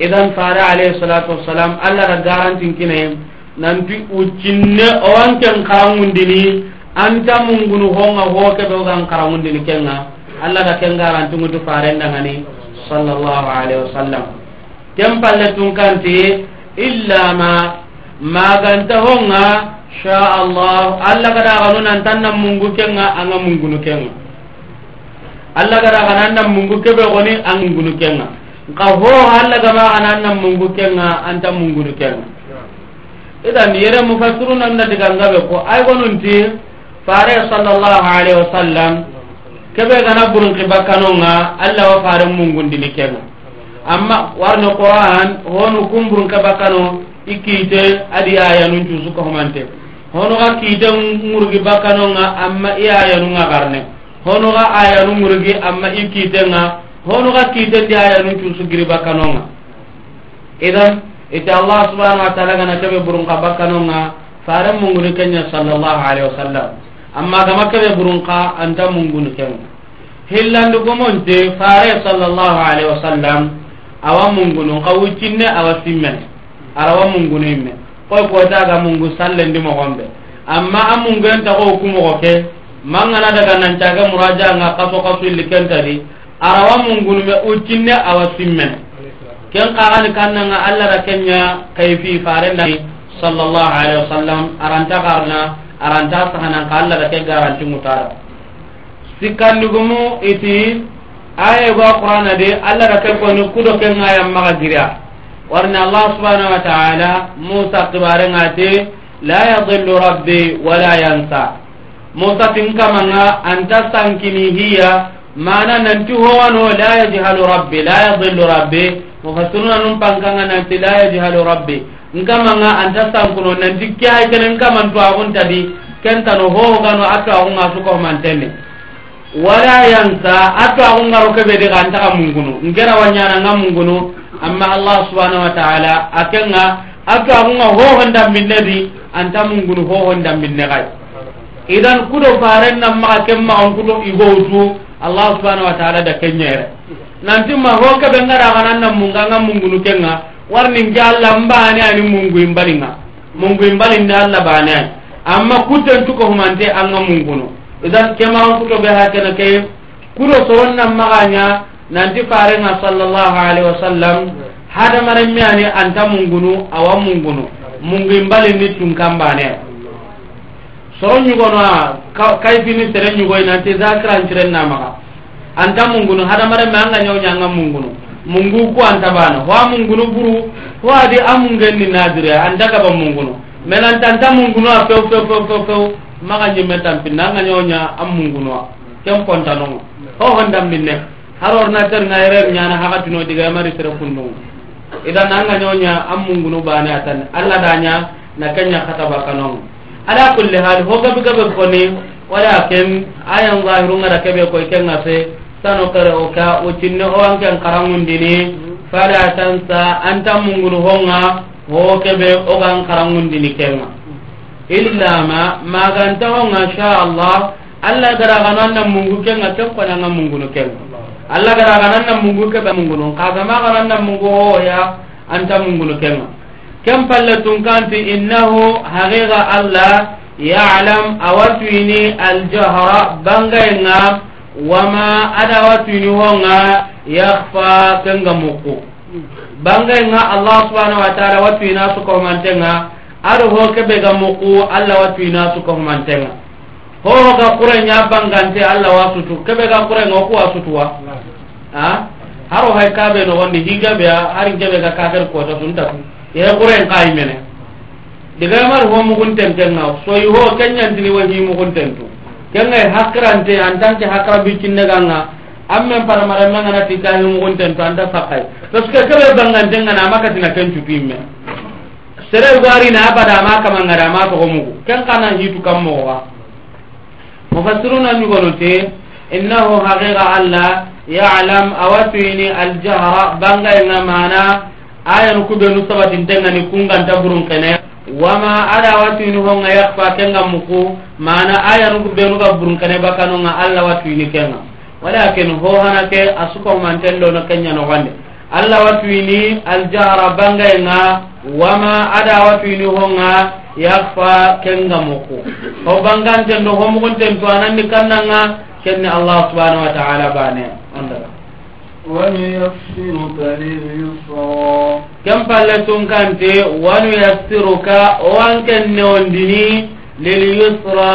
إذا فارع عليه الصلاة والسلام ألا رداران تنكينهم nanti ucinne owan ken karamundini anta mungunu honga hoke be ogan karamundini kenga allah ga kengarantungutu farendangani sall llahu alaihi wasallam ken palle tunkanti illa ma maganta honga sha allah allah ga daganu nantanna mungu kenga anga mungunu kenga allah ga daganana mungu kebe goni anga mungunu kenga nka ho allah ga maganana mungu kenga anta mungunu kenga idan yere mufassiru nan da diganga be ko ay gonunti fare sallallahu alaihi wasallam kebe gana burun kiba kano nga Allah wa fare mungun dini kenga amma warno Quran honu kum burun kiba kano ikite adi aya nun chusu kohumante honu ga kite murgi bakano nga amma i aya nun garne honu ga aya nun murgi amma ikite nga honu ga kite di aya nun chusu giri bakano nga idan ita Allah subhanahu wa ta'ala gana kebe burun kiba kano nga fare mungun kenya sallallahu alaihi wasallam amma gama kebe burun ka anta mungun ken hillandu gomonte fare sallallahu alaihi wasallam awa mungunu ka wuccinne awa simmen arawa mungunu imme koy ko ta ga mungu sallen di mogombe amma amungu enta ko kumo ke mangana daga nan caga muraja nga kaso kaso illi kentari arawa mungunu me uccinne awa simmen ken qaran kanna nga alla da kenya kayfi fare ndani sallallahu alaihi wasallam aranta garna aranta sahanan ka Allah da ke garanti mutara sikandu gumu iti aye ba qur'ana de Allah da ke koni kudo ke ngaya magira warna Allah subhanahu wa ta'ala Musa qibare ngate la yadhillu rabbi wa la yansa Musa tinkamanga anta sankini hiya mana nanti hono la yajhalu rabbi la yadhillu rabbi mufassiruna num pankanga nanti la yajhalu rabbi nkamanga anta sankuno nanti ke ay kene nkamantu axuntadi kentano hohogano atu axunga sukohomantene wala yansa atu axungaro keɓedi xa ntaxa mungunu nkerawañananga mungunu amma allah subhanau wa taala a kenga atu axunga hoho ndambinnedi anta mungunu hoho ndambinne xay idan kudo faren nam maxa ken maxon kuto igowtu allah subhanau wa taala da kenñere nanti ma ho keɓe ngaraxananna munga nga mungunu kenga warnin ke allah n bane ani mungui mbalinga mungui mbalinde allah bane ani amma kuddentuko humante anga mungunu idan kemaxutoɓe ha kene ke kuro soronnan maxaña nanti farenga sall llahu alaihi wasallam hadamaren me ani anta mungunu awa mungunu mungui mbalinni tunkan bane soro ñugonoa kayfini sere ñugoy nanti zakirancirennamaxa anta mungunu hadamaren me anga ñawñanga mungunu mungu ku antabana wa mungunu buru wa di amungenni nadire anda ga mungunu melan tanta mungunu a fe fe fe fe fe maga ni metan pinna nga nyonya am mungunu kem konta no ho handam minne haror na ter nga yere nyana haga tuno diga e mari tere kunnu idan nga nyonya am mungunu bana atan alla danya na kenya khata bakano ala kulli hal ho gabi gabi koni wala kem ayan zahirun ngara kebe ko ikenga se sano kare o ka o cinne o anke nkaramundini fala tansa anta munguru honga o kebe o ga nkaramundini kenga illa ma maganta honga sha allah alla gara ga nanna mungu kenga ken ko nanga mungu no kenga alla gara ga nanna mungu kebe mungu no ka ga ma ga nanna mungu o ya anta mungu no kenga kem palle tun kanti innahu haqiqa alla ya'lam awatuini aljahra bangayna wama adawatuini wonga yakfa kenga muku bangai nga allah subhanahu wa taala watuina sukohumantenga aɗo ho keɓega muku allah watuina sukohumantenga hohoga kurenya bangante allah wasutu keɓega kurenga oku wasutuwa a haro hay kaɓe nogonni higaɓea harin keɓega kaker kota suntatu ye kuren kayimene digamari ho mugun tentenga soyi ho kenyantini wo hi mugun tentu kengay e hakkirante en tant que hakkira bicinneganga an men panamaremengana tikahi e mugunteto anta sakay parceque keɓe bangantengana amakatina ken cutuimme sere warina abada ama kamangada ama togo mugu ken kana hitu kam mogoa mufassiruna ñugonote innahu haqiqa allah yalam awatuini aljahra bangayga e mana ayanu kuɓenu sabatintengani kunganta burunkene wama ada watini honga kwa kenga muku mana aya kane baka nunga ala watu watini kenga walakin ho ke asuka umantendo na kenya no wande watu watini aljara inga wama ada watini honga kwa kenga muku ho bangan tendo ho mugun tento anandi kannanga kenni allah subhanahu wa ta'ala bane andara wanuyassiruka lilyusra kem palle tunkante wanuyassiruka owan ken newondini lilyusra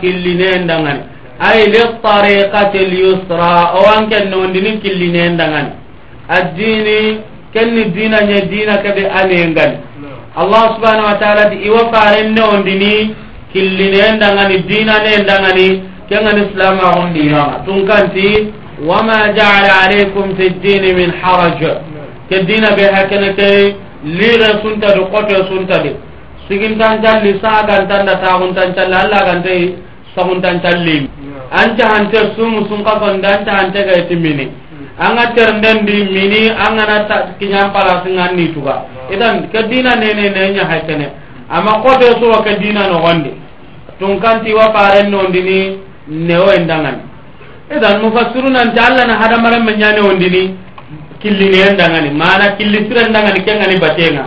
killineendangani ay liltariqati lyusra owan ken newondini killineendangani addini kenni dina nye dina kebe anengani allah subhanau wa taala ti iwa faren newondini killineendangani dina neendangani kenga ni silamaxundinaga tunkanti وما جعل عليكم في الدين من حرج كدين بها كنكي لغة سنتا دقوت سنتا دي سيكين تانتان لساء كان تاندا تاغن تانتان لألا كان تي سهن تانتان لين أنت أنت سوم سنقفن دانت أنت كيتميني anga terden di mini anga na ta kinyam pala singan ni tuga idan kadina ne ne ne nya haitene ama kote so kadina no wande tungkanti wa pare no ndini ne o endangani edan mufassirunanti allah na hadamarenme ñane wondini killinien dangani mana killi siren dangani kengani batenga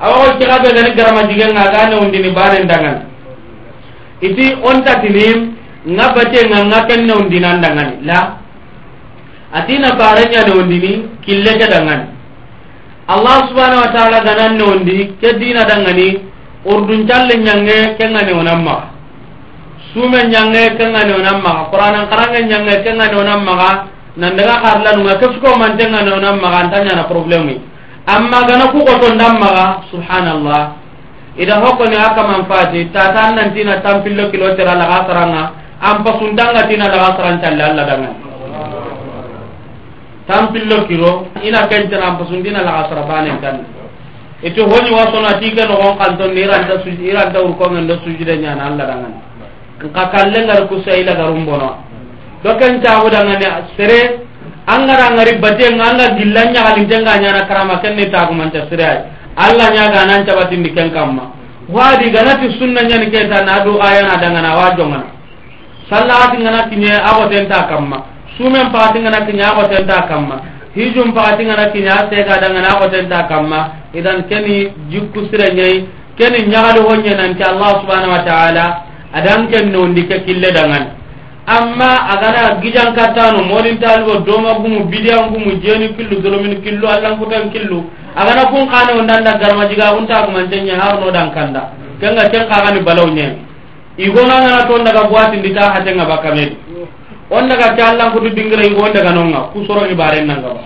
awaxo kiraɓegani garama jigenga gane wondini banen dangani iti ontatini nga batenga nga kenne wondinan dangani la atina bare ñane wondini killeke dangani allah subhanau wa taala gananne wondi ke dina dangani urdun calle ñange kengani wonan maxa sume nyange kenga ne onan maga an karange nyange kenga ne onan maga nan daga nu nunga kesko man tenga ne onam maga antanya na problemi amma gana ku ko ton dam maga subhanallah ida hokko ne aka manfaati ta tan nan tina tampillo kilo tera la gasaranga am pa sundanga tina la gasaran talla Allah danga tampillo kilo ina kentera am pa sundina la gasara banen tan itu hoji wasona tiga no hon kan ton ni ranta suji ranta urko ngendo nyana Allah nka kalle ngari kusa ila garu mbono do ken tabu da ngani sere angara ngari bate nganga gillanya halin tenga nyara karama ken ni tabu manta sere ay alla nya ga nan tabati ni ken kamma wadi ganati sunna nyani ke ta na do aya na dangana wajo man sallati ngana ti nya awo tenta kamma sumen pati ngana ti nya awo tenta kamma hijum pati ngana ti nya te ga dangana awo tenta kamma idan keni jikku sere nyai keni nyaalu wonya nan ti allah subhanahu wa ta'ala adankennondi ke kille dangani amma agana gijankattano molintaligo domagumu bidiyangumu jeni killu zolomin killu allankuten killu agana kunkane ondanda garma jiga untagumantenye harno dankanda kenga kenkagani balawñeni igonangana to ndaga bowatindi ta hatenga bakkamedi on daga ke allankutu dingira igo on daganonga kusoro ibaren nangaba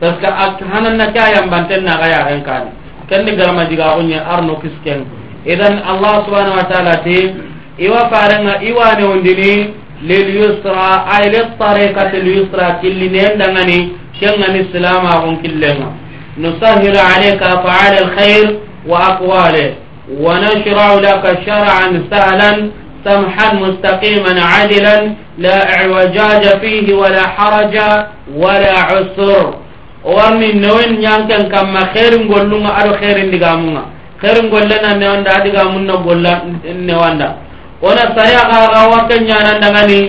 par ce que hananna ke a yambanten naga yahenkani kendi garma jiga kuñe arno kiskeng idan allah subhanau wa taala te iwa farenga iwa ne undini lil yusra ay li tariqat al yusra kulli ne ndangani kenga ni نسهل عليك أفعال الخير وأقواله ونشرع لك شرعا سهلا سمحا مستقيما عدلا لا اعوجاج فيه ولا حرج ولا عسر ومن نوين يمكن كما خير نقول له خير نقامونا خير نقول لنا نوان دا نقول wona sariya kaaka warta ñanandangani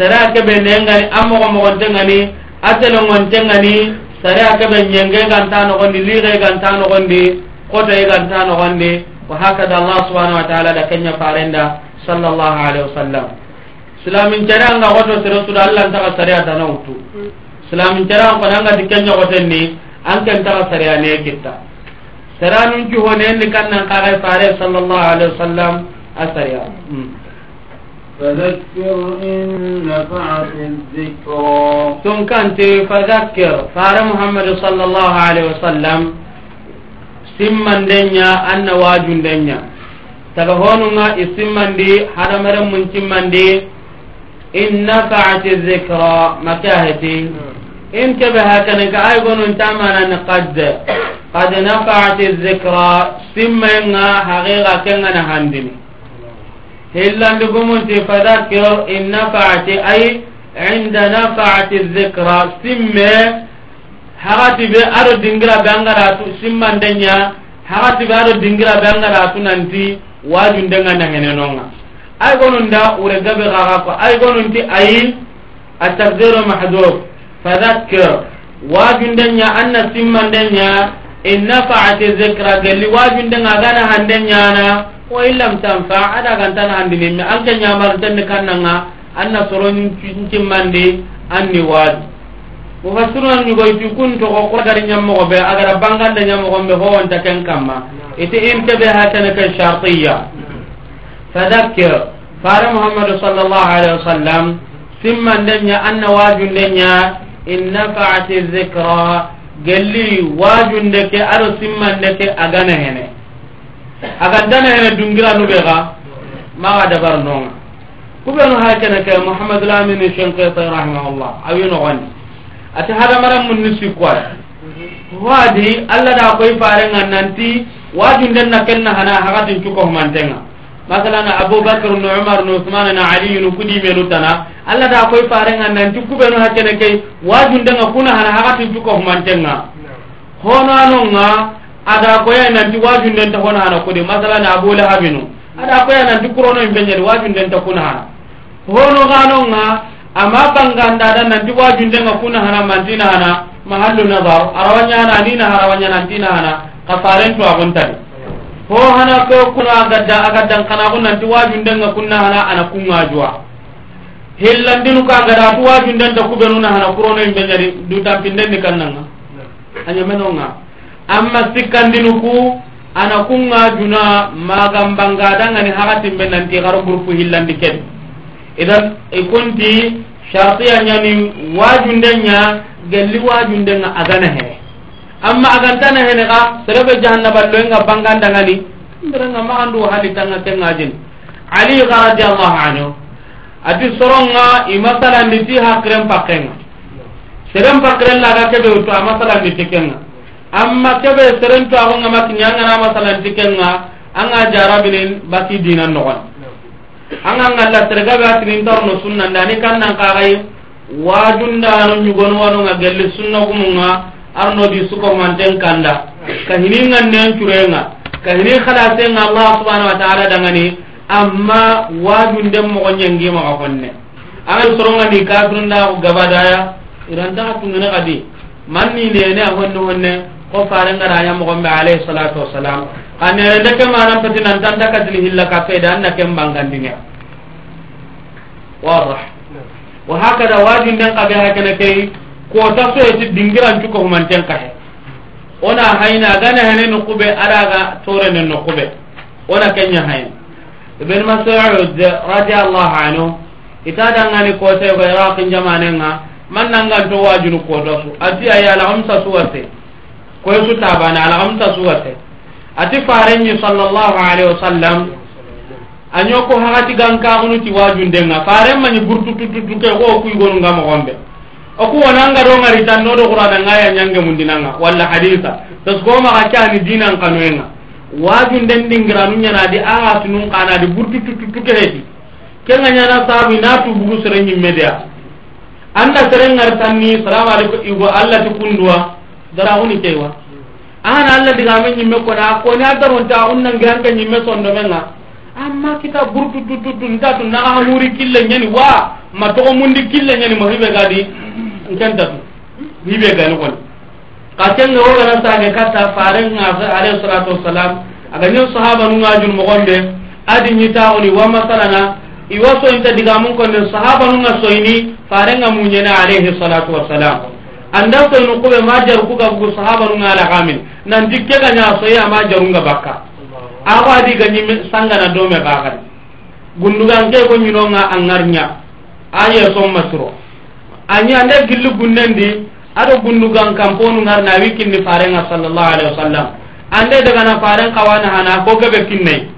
sariya keɓe nengani a mogomogontengani a telengontengani sariya keɓe ñenge ganta nogondi lixe ganta nogondi kotoye ganta nogondi wa hakada allah subhanau wa taala da kenña farenda sall allah alayhi wa sallam silamin cereanga koto sere suda allahntaka sariya tana wuttu silamin cerean kone angati kenña kotenni ankentaka sariya ne kitta sera nuncu honenni kamnan kaxe fare sall allah alayhi wa sallam a sariya mm. فذكر إن نفعت الذكرى ثم كنت فذكر فار محمد صلى الله عليه وسلم سما دنيا أن واج دنيا تقولون اسما دي حرم من سما دي إن نفعت الذكرى مكاهتي إن كبها كانك أيضا تعمل أن قد قد نفعت الذكرى سما حقيقة كان أنا hillandi gumunti fadakir in nafati ay inda nafati dhikra simme hagati be aro dingira be angaratu simmandenya hagati be aro dingira be angaratu nanti wajundenga nangenenonga ay gonunda ure gabe gaga ko ay gonunti ayi التقدير محذوف فذكر واجن دنيا أن سمن دنيا إن نفعت الذكرى قال لي واجن دنيا غنى هندنيا أنا ko illam tan fa ada kan tan andi ni mi alka nyamar tan ne kananga anna soroni cincin mandi anni wad mo fasuna ni go itu kun to ko dari nyammo go be agara bangan da nyammo go be ho on taken kamma ite im ke be hatan ka syartiyya fadhakkir fara muhammad sallallahu alaihi wasallam simman denya anna wajun denya in nafa'ati dhikra gelli wajun deke aro simman deke agana hene aga dana hene dungira nu ɓe xa maxa dabar noga ku ɓenu ha kene ke mohamadou lamini chenkefe rahimahullah a wi noxoni ati hadamaren mun ni sikkoy hoadi allah da koy farenga nanti wajunden na kenna hana hakatin cukohumantenga masalan aboubacre nu umar nu usmane na aliyunu kudimenu tana allah da koy farenga nanti ku ɓenu ha kene ke wajundenga kuna hana hakatin cukohumantenga honanonga ada koya nanti waju den ta kona na kode masala na abula habinu ada koya nanti kurono en benya waju den ta kona na hono gano nga ama panganda da nanti waju den ga kona na mantina na mahallu nazar arawanya na ni na arawanya nanti na na kasaren to agunta ho hana ko kuna ga da aga dan kana kun nanti waju den ga kona na ana kun ngajua hillandinu ka ga da waju den ta kubenu na na kurono en benya du tampinden ni kannanga anya menonga amma sikkandinuku ana kunga juna magambangadaŋani hakatimbe nanti haro gurupu hillandi ken idan ikunti shartiya ñani wajundenya gelli wajundenga agana hene amma agantana hene ka serebe jahannaballoenga bangandangani nderenga magandu tanga kengajini ali ka radiallahu anhu ati soronga i masalanditi hakiren pakkenga seren pakkirelaga keɓe to a masalanditi kenga amma keɓe serentu axonga maki ñangana masalanti kenga anga jarabinin baki dina nogon anga ngalla sergaɓe atinin tarno sunna ndani kannankaxay wajundano ñugon wanonga gelli sunna gumunga arno di sukormanten kanda kahini ngannen curenga kahini xalasenga allah subhanau wa taala dangani amma wajunden mogo ñangi maxa fonne angay sorongani kafirunda gabadaya irantaxa tungene xadi manni nene a honne honne ko fare ngara nya mo gombe alayhi salatu wassalam ani re de kema nan pati nan tan daka dil hilla ka fe dan na kem bangan dinga wadah wa hakada wajin den ka be hakana kee ko ta so e dingiran ci ko man tan ka he ona hayna gana hene no kube araga tore ne no kube ona kenya hayna ibn mas'ud radiyallahu anhu itada ngani ko te be raqin jamanenga man nangan to wajin ko do so ati ayala am sa suwate koye sutabane alahamta suwate ati farenñi sallallahu alayhi wa sallam añoko hakati gankaxunuti wajundenga farenmañi burtututuke koo kuigonunga mogonɓe oku wonangaɗongaritan noɗo xuraɓengaya ñange mundinanga walla hadisa parce que o maxa cani dinanqanoyenga wajunden ɗingiranu ñanadi axatinun qanadi burtututuke heti kega ñana sabu na tubugu sereñimmedea anda serengaritanni salamualeykum igo allati kunduwa garaxuni keywa axana allah digame ñimme kona a kone a garonte a un nange anke ñimme sondomenga amma kita burtu tututu ntatu naxaa muri kille ñani wa ma toxo mundi kille ñani ma xiɓegadi nkentatu xiɓegani kon xa kenge wo gana sane katta farenga alayhi salatu wasalam agañen sahaba nungajun moxonɓe adi ñitaxuni wa masalana iwa soyinta digamun konde sahaba nunga soyini farenga muñene alayhi salatu wasalam anda to no ko be ma jaru ko gabu sahaba run ala kamil nan dikke ga nya so ya ma jaru ga bakka a wa di ga ni sanga na do me ba ga gunduga nge ko nyino nga angar nya aye so masro anya ne gillu gunnendi ado gunduga kan ponu ngar na wikin ni pare nga sallallahu alaihi wasallam ande daga na pare kawana hana ko ga be kinnai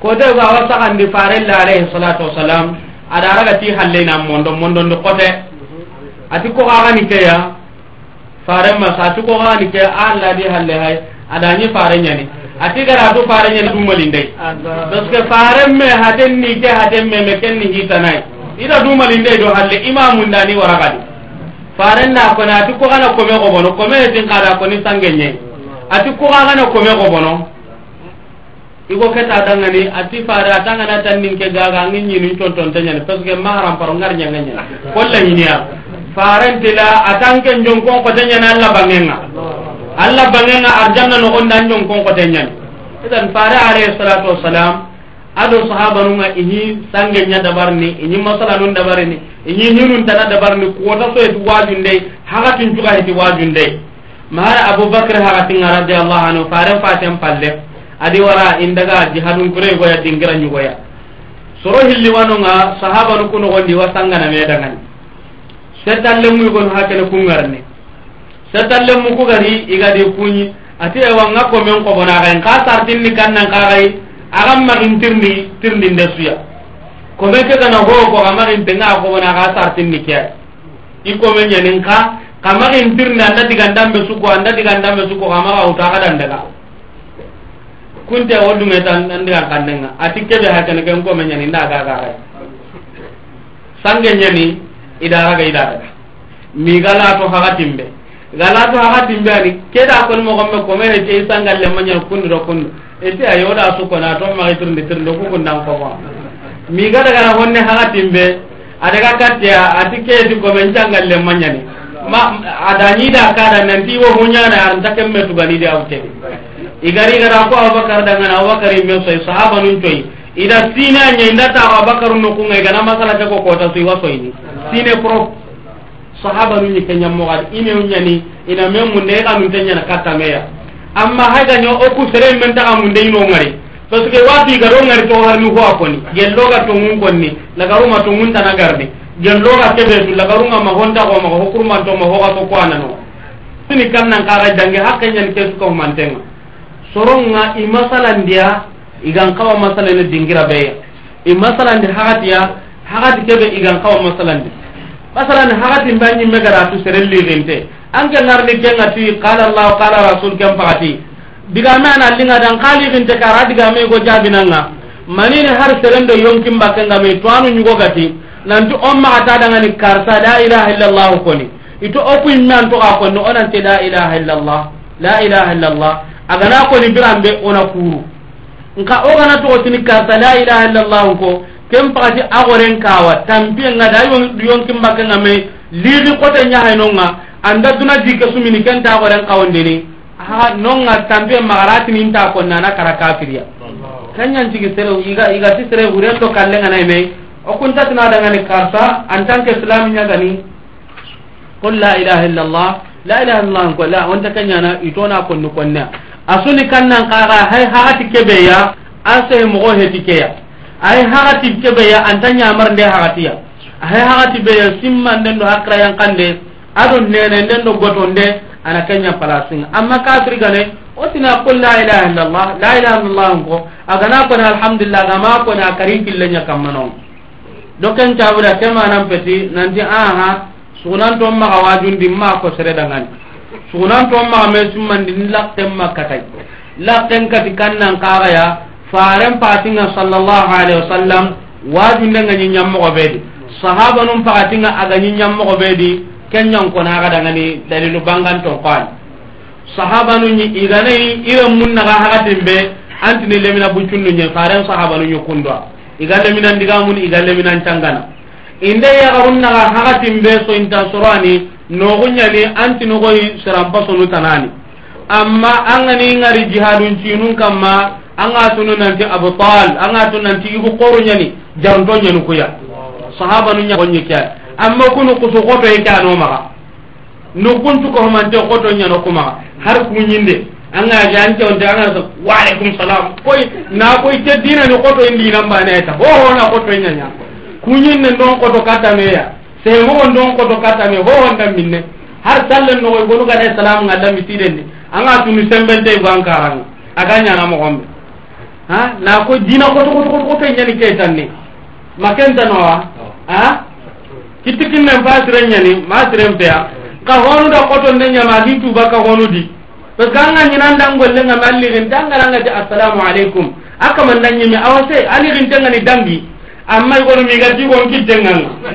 ko de ga wa ta kan di pare la alaihi salatu wasalam ada raga ti halle na mondo mondo ndo kote ati ko gani keya fare ma sa ati ko gani ke Allah di halle hay ada ni fare nyani ati gara to fare nyani dum malin dai parce que fare me haden ni ke haden me me ken ni hita nai ida dum malin dai do halle imam ndani wara gadi fare na ko na ati ko gana ko me ko bono ko me tin kala ko ni sangen nyai ati ko gana ko me ko bono igo ke ta danga ni ati fare ta danga na tan ke gaga ngin ni ton ton tan nyani parce que maharam paro ngar nyanga nyani kollani ni ya farentila a tanke jonkon kote ñani allah bangenga allah bangenga arjanna nogondi an jonkon kote ñani ethan fare alayhi salatu wasalam ado sahaba nunga ihi sange ña dabarni iñi masala nun dabarini iñi hinuntana dabarni kuota so eti wajun dey hakatin cuga heti wajun dey mahare aboubacre hakatinga radiallah anu fare faten palle adi wara in daga jihadun kure goya dingira ñugoya soro hilliwanonga sahaba nu kunogondi wa sangana medagani settallemuyi kon ha kene kungar ni settallemu kugari igadi kuñi ati ewa nga komen kobonaxa en ka sartinni kannankaxay axan maxin tirni tirni nde suya kome ke gana ho ko xamaxin tenga kobonaxa sartinni ke ay i kome ñanin ka xamaxin tirni anda digandanɓe sukko anda digandanɓe sukko xamaxa wuta xa dandega kunte e wo dumeta andigan kannenga ati keɓe ha kene ken kome ñani ndagagaxay sange ñani idaraga idaraga mi galato hakatimbe galato hakatimbe ani keda kon mogomme komene te isangalle mañana kundi ro kundu ete a yoda sukona to maxi tirndi tirndi kukundan kofa mi gadagara honne hakatimbe adaga katteya ati keti kome ncangalle mañani ma adañida kada nanti wo huñana aranta kemme tuganidi awtedi igari gara ko abubakar dangana abubakar imbe soy sahaba nun coyi ida sine a ñeinda taxo abakaru nokunga gana masalate ko kota su iwa ini sine prop sahaba nu ñike ñammoxad ineu ñani ina me munde i xanunte ñana kattameya amma hagaño o ku sere men taxa munde ino ngari parce que wati garo ngari to harni ko akoni gelloga to ngun konni lagaruma to ngun tana garde gelloga kebe tu lagaruma ma honda ko ma ho kurman to ma ho ga to ko anano sini kam nan kara dange hakke nyen kesu ko mantenga soronga i masalan dia igan kawa masala ne dingira be ya i masala ndi hagati ya hagati kebe igan kawa masala ndi masala ndi hagati mbanyi megara tu serelli rinte anke ngarli gengati qala allah qala rasul kem pagati diga me ana linga dan qali rinte kara diga me go jabi nanga mani ne har serendo yonki mbake ngame to anu nyugo gati nan tu umma ata daga ni karta la ilaha illa allah koni itu opu imman to ka koni onan te la ilaha illa allah la ilaha illa allah agana koni birambe ona kuru nka ogana togotini karta la ilaha illa llah nko ken pakati agoren kawa tampiyenga da yonkimbakenga mai liri kote yahaynonga anda duna dike sumini kenta agoren kawondini a nonga tampiyen magaratini inta konnana kara kafiriya kanyancigi sere igati sere wuren to kallengana mai okuntatina dangani karta antanke slami yagani qul la ilaha illa llah la ilaha illa llah nko la wonta kenyana itona konni konnea asuni kannan kaga hay hakati kebeya ase mogo heti keya ay hakati kebeya anta nyamar nde hakatiya ay hakati beya simma nden do hakra yang kande adon nene nden do gotonde ana kenya palasin amma kafri gane otina qul la ilaha illallah la ilaha illallah ko aga na kon alhamdulillah aga ma kon akarin killenya kamano do ken tawra kema nan peti nanti aha sunan to ma wajun dimma ko sere dangani sugunan ton ma me sumandi ni lakten makatay lakten kati kannan kaga ya faren patinga sallallahu alaihi wasallam waju ndenga ni nyammo ko bedi sahaba num patinga aga ni nyammo ko bedi ken nyon ko naga daga ni dalilu bangan to qan sahaba nu ni igane ire mun naga haga dimbe antini lemina bucun nu ni faren sahaba nu ni kundwa igale minan digamun igale minan changana inde ya garun naga haga dimbe so inta surani nooxuñani anti nogoy saramba sonu tanani amma angani ngari jihadun cinun kamma anga tunu nanti abtal anga tunu nanti igu qoruñani jaronto ñani kuya sahaba nu ñagoñi ke amma kunu kusu xoto yeke ano maxa nukuntu kohomante xoto ñano ku maxa har kuñinde anga ge an cewnte anga waaleykum salam koy na koy ke dinani xoto i ndinambaneeta ho hona xoto i ñaña kuñinne ndon xoto kattameya te howon don ko dokatami howondan minne har sallen nogoy gonugada e salamu ga dami tiɗenni anga tumi sembente e go ankarang aga ñanamogonɓe ha na ko dina kotokotokotokoto ñani keytanni makentanowa a kitti kinnen fasiren ñani masiren peya ka honuda koton de ñama ni tuba ka honudi par ce que anga ñinandangollenga mi alligin te angarangati assalamu aleykum akamandañimi awa se alliginte ngani dangi amma igono e miga tigon kittenganga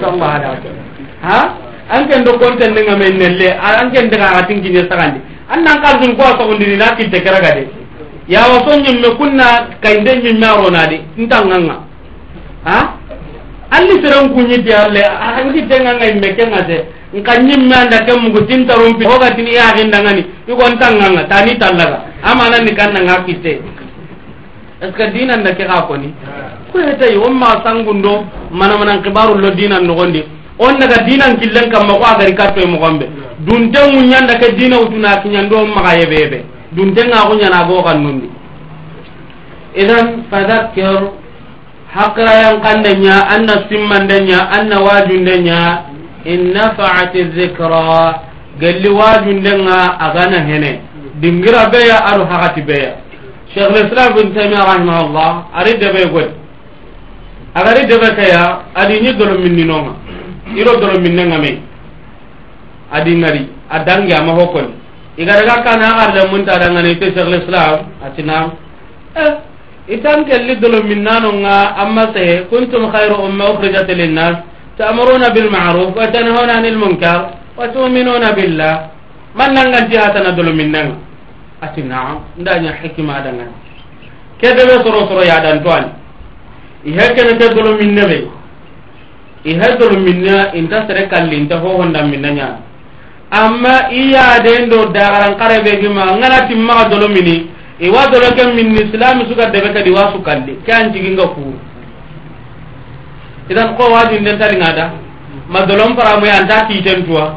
sallah alaihi ha an ken do konten nga men nelle an ken daga atin gine sagandi an nan kar gin ko ko ndiri na kin te kera ya wa so nyim me kunna kay de nyim na ro na de ntan nga nga ha an ni seran ku nyi biya le an ki de nga nga me ken nga de nka nyim me anda kam mugo tin tarum pi hoga tin ya hin nga ni yu ko ntan nga nga tani tallaga amana ni kan nga kite eske dinan da ke ka ko ni kuyetayi wonma sangundo manamanan kibaru lo dinan nogondi on naga dinan killen kamma ko agari kattoye mogonɓe dunte ŋuyanda ke dina wutuna kiyandi on maga yeɓeɓe dunte gaguyanago kan nundi idan fadakkir hakrayan kandeya anna simmandeya anna wajundeya in nafaat zicra gelli wajundenga agana hene dingira beya aɗo hakati beya cheikh lislam bin taimia rahimahullah ari deɓe goɗi agari debekeya adini golominninoga iro golominnegame adingari adangi ama hokkoni igaraga kane agardemunta adangani ite chekhl islam atina eh, itankelli golominnanoga amasehe kuntum hayro umma ukhrijat linnas tamuruna bilmaruf watanhauna ani lmunkar watuminuna billah man nanganti hatana golominnega atina ndaña hikima adangani kedebe soro soro yadantoani ihe kene te dolo minne ɓe ihe dolo minne inta sere kallinte hohondan minne ñaan amma i yaaden do dagarankare ɓe gima ngana timmaga dolo mini iwa dolo ke minni silami suga deɓe kadi iwa su kalli ke an jiginga kuru idan ko waaju nden taringa da ma dolon paramuy anta kiitentuwa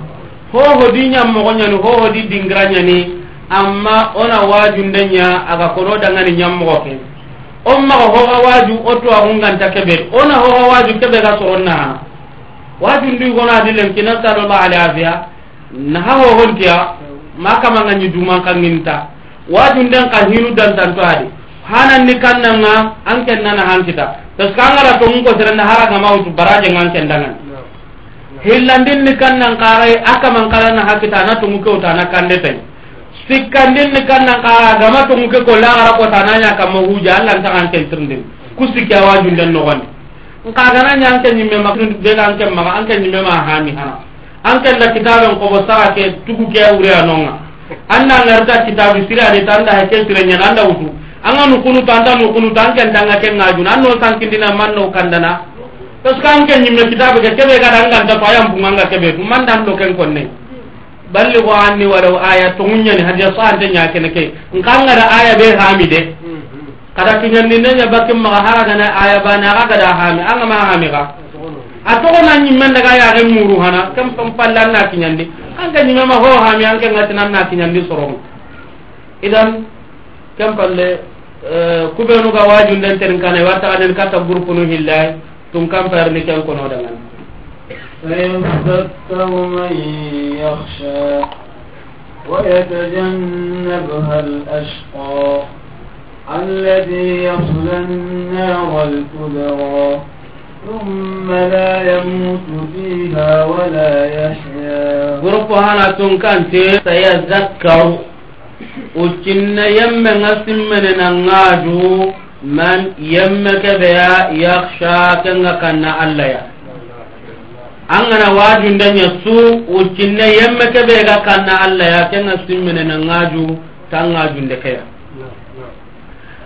hoho di ñammogo ñani hohodi dingira ñani amma ona waaju nden ña aga kono dangani ñammogo ke on maxa xooxa waaju o tuwa xunganta keɓe ona xooxa waaju keɓe ga soron naxa waaju ndigonaadi len kina salallah alay a fiya naxa xooxontiya ma kamanga ñi duman kanginta waaju nden ka xinu dantanto adi xananni kan nanga an ken na naxan kita parce que a ngara to ngukosere naxaragamautu barajengan ken dangan xilandin ni kan nang kaxay a kamang kala naxa kita ana tungu kewta na kandetañ sikkandinni kannan kaa gama tungu ke kolla ara ko ta nanya kam mo huja alla ta an ken trindin ku sikki awa jun den nogon nka ga nanya an ken nimme ma trindin de an ken ma an ken nimme ma ha mi hana an ken la kitabe ko bo sara ke tugu ke ure anonga anna ngarda kitabu sira de tanda ha ken trin nyana anda utu anga nu kunu tanda nu kunu tan ken tanga ken ngaju nan no tan kin dina man no kandana to skan ken nimme kitabe ke kebe ga dan ga ta payam bumanga kebe bumanga ndo ken konne balli ko anni wala aya to ngunyani hadi so ante nya kene ke ngkanga da aya be hami de kada kinyan ni nya bakim ma hara da na aya ba na aga da hami anga ma hami ka ato ko nan nyimman daga ya ga muru hana kam kam pallan na kinyan ni kanga ni ma ho hami anga ngati nan na kinyan ni soro idan kam palle kubenu ga wajun den ten kana warta den kata grupu nu hillai tum kam par ni kan kono dangan فيذكر من يخشى ويتجنبها الأشقى الذي يصلى النار الكبرى ثم لا يموت فيها ولا يحيا غرب هانا تنكنت سيذكر وكن يم من نناجو من يمك بها يخشى كنا كنا الله angana nya su uccinne yemme keɓega kanna allah ya kenga simmine na ngaju ta ngajunde keya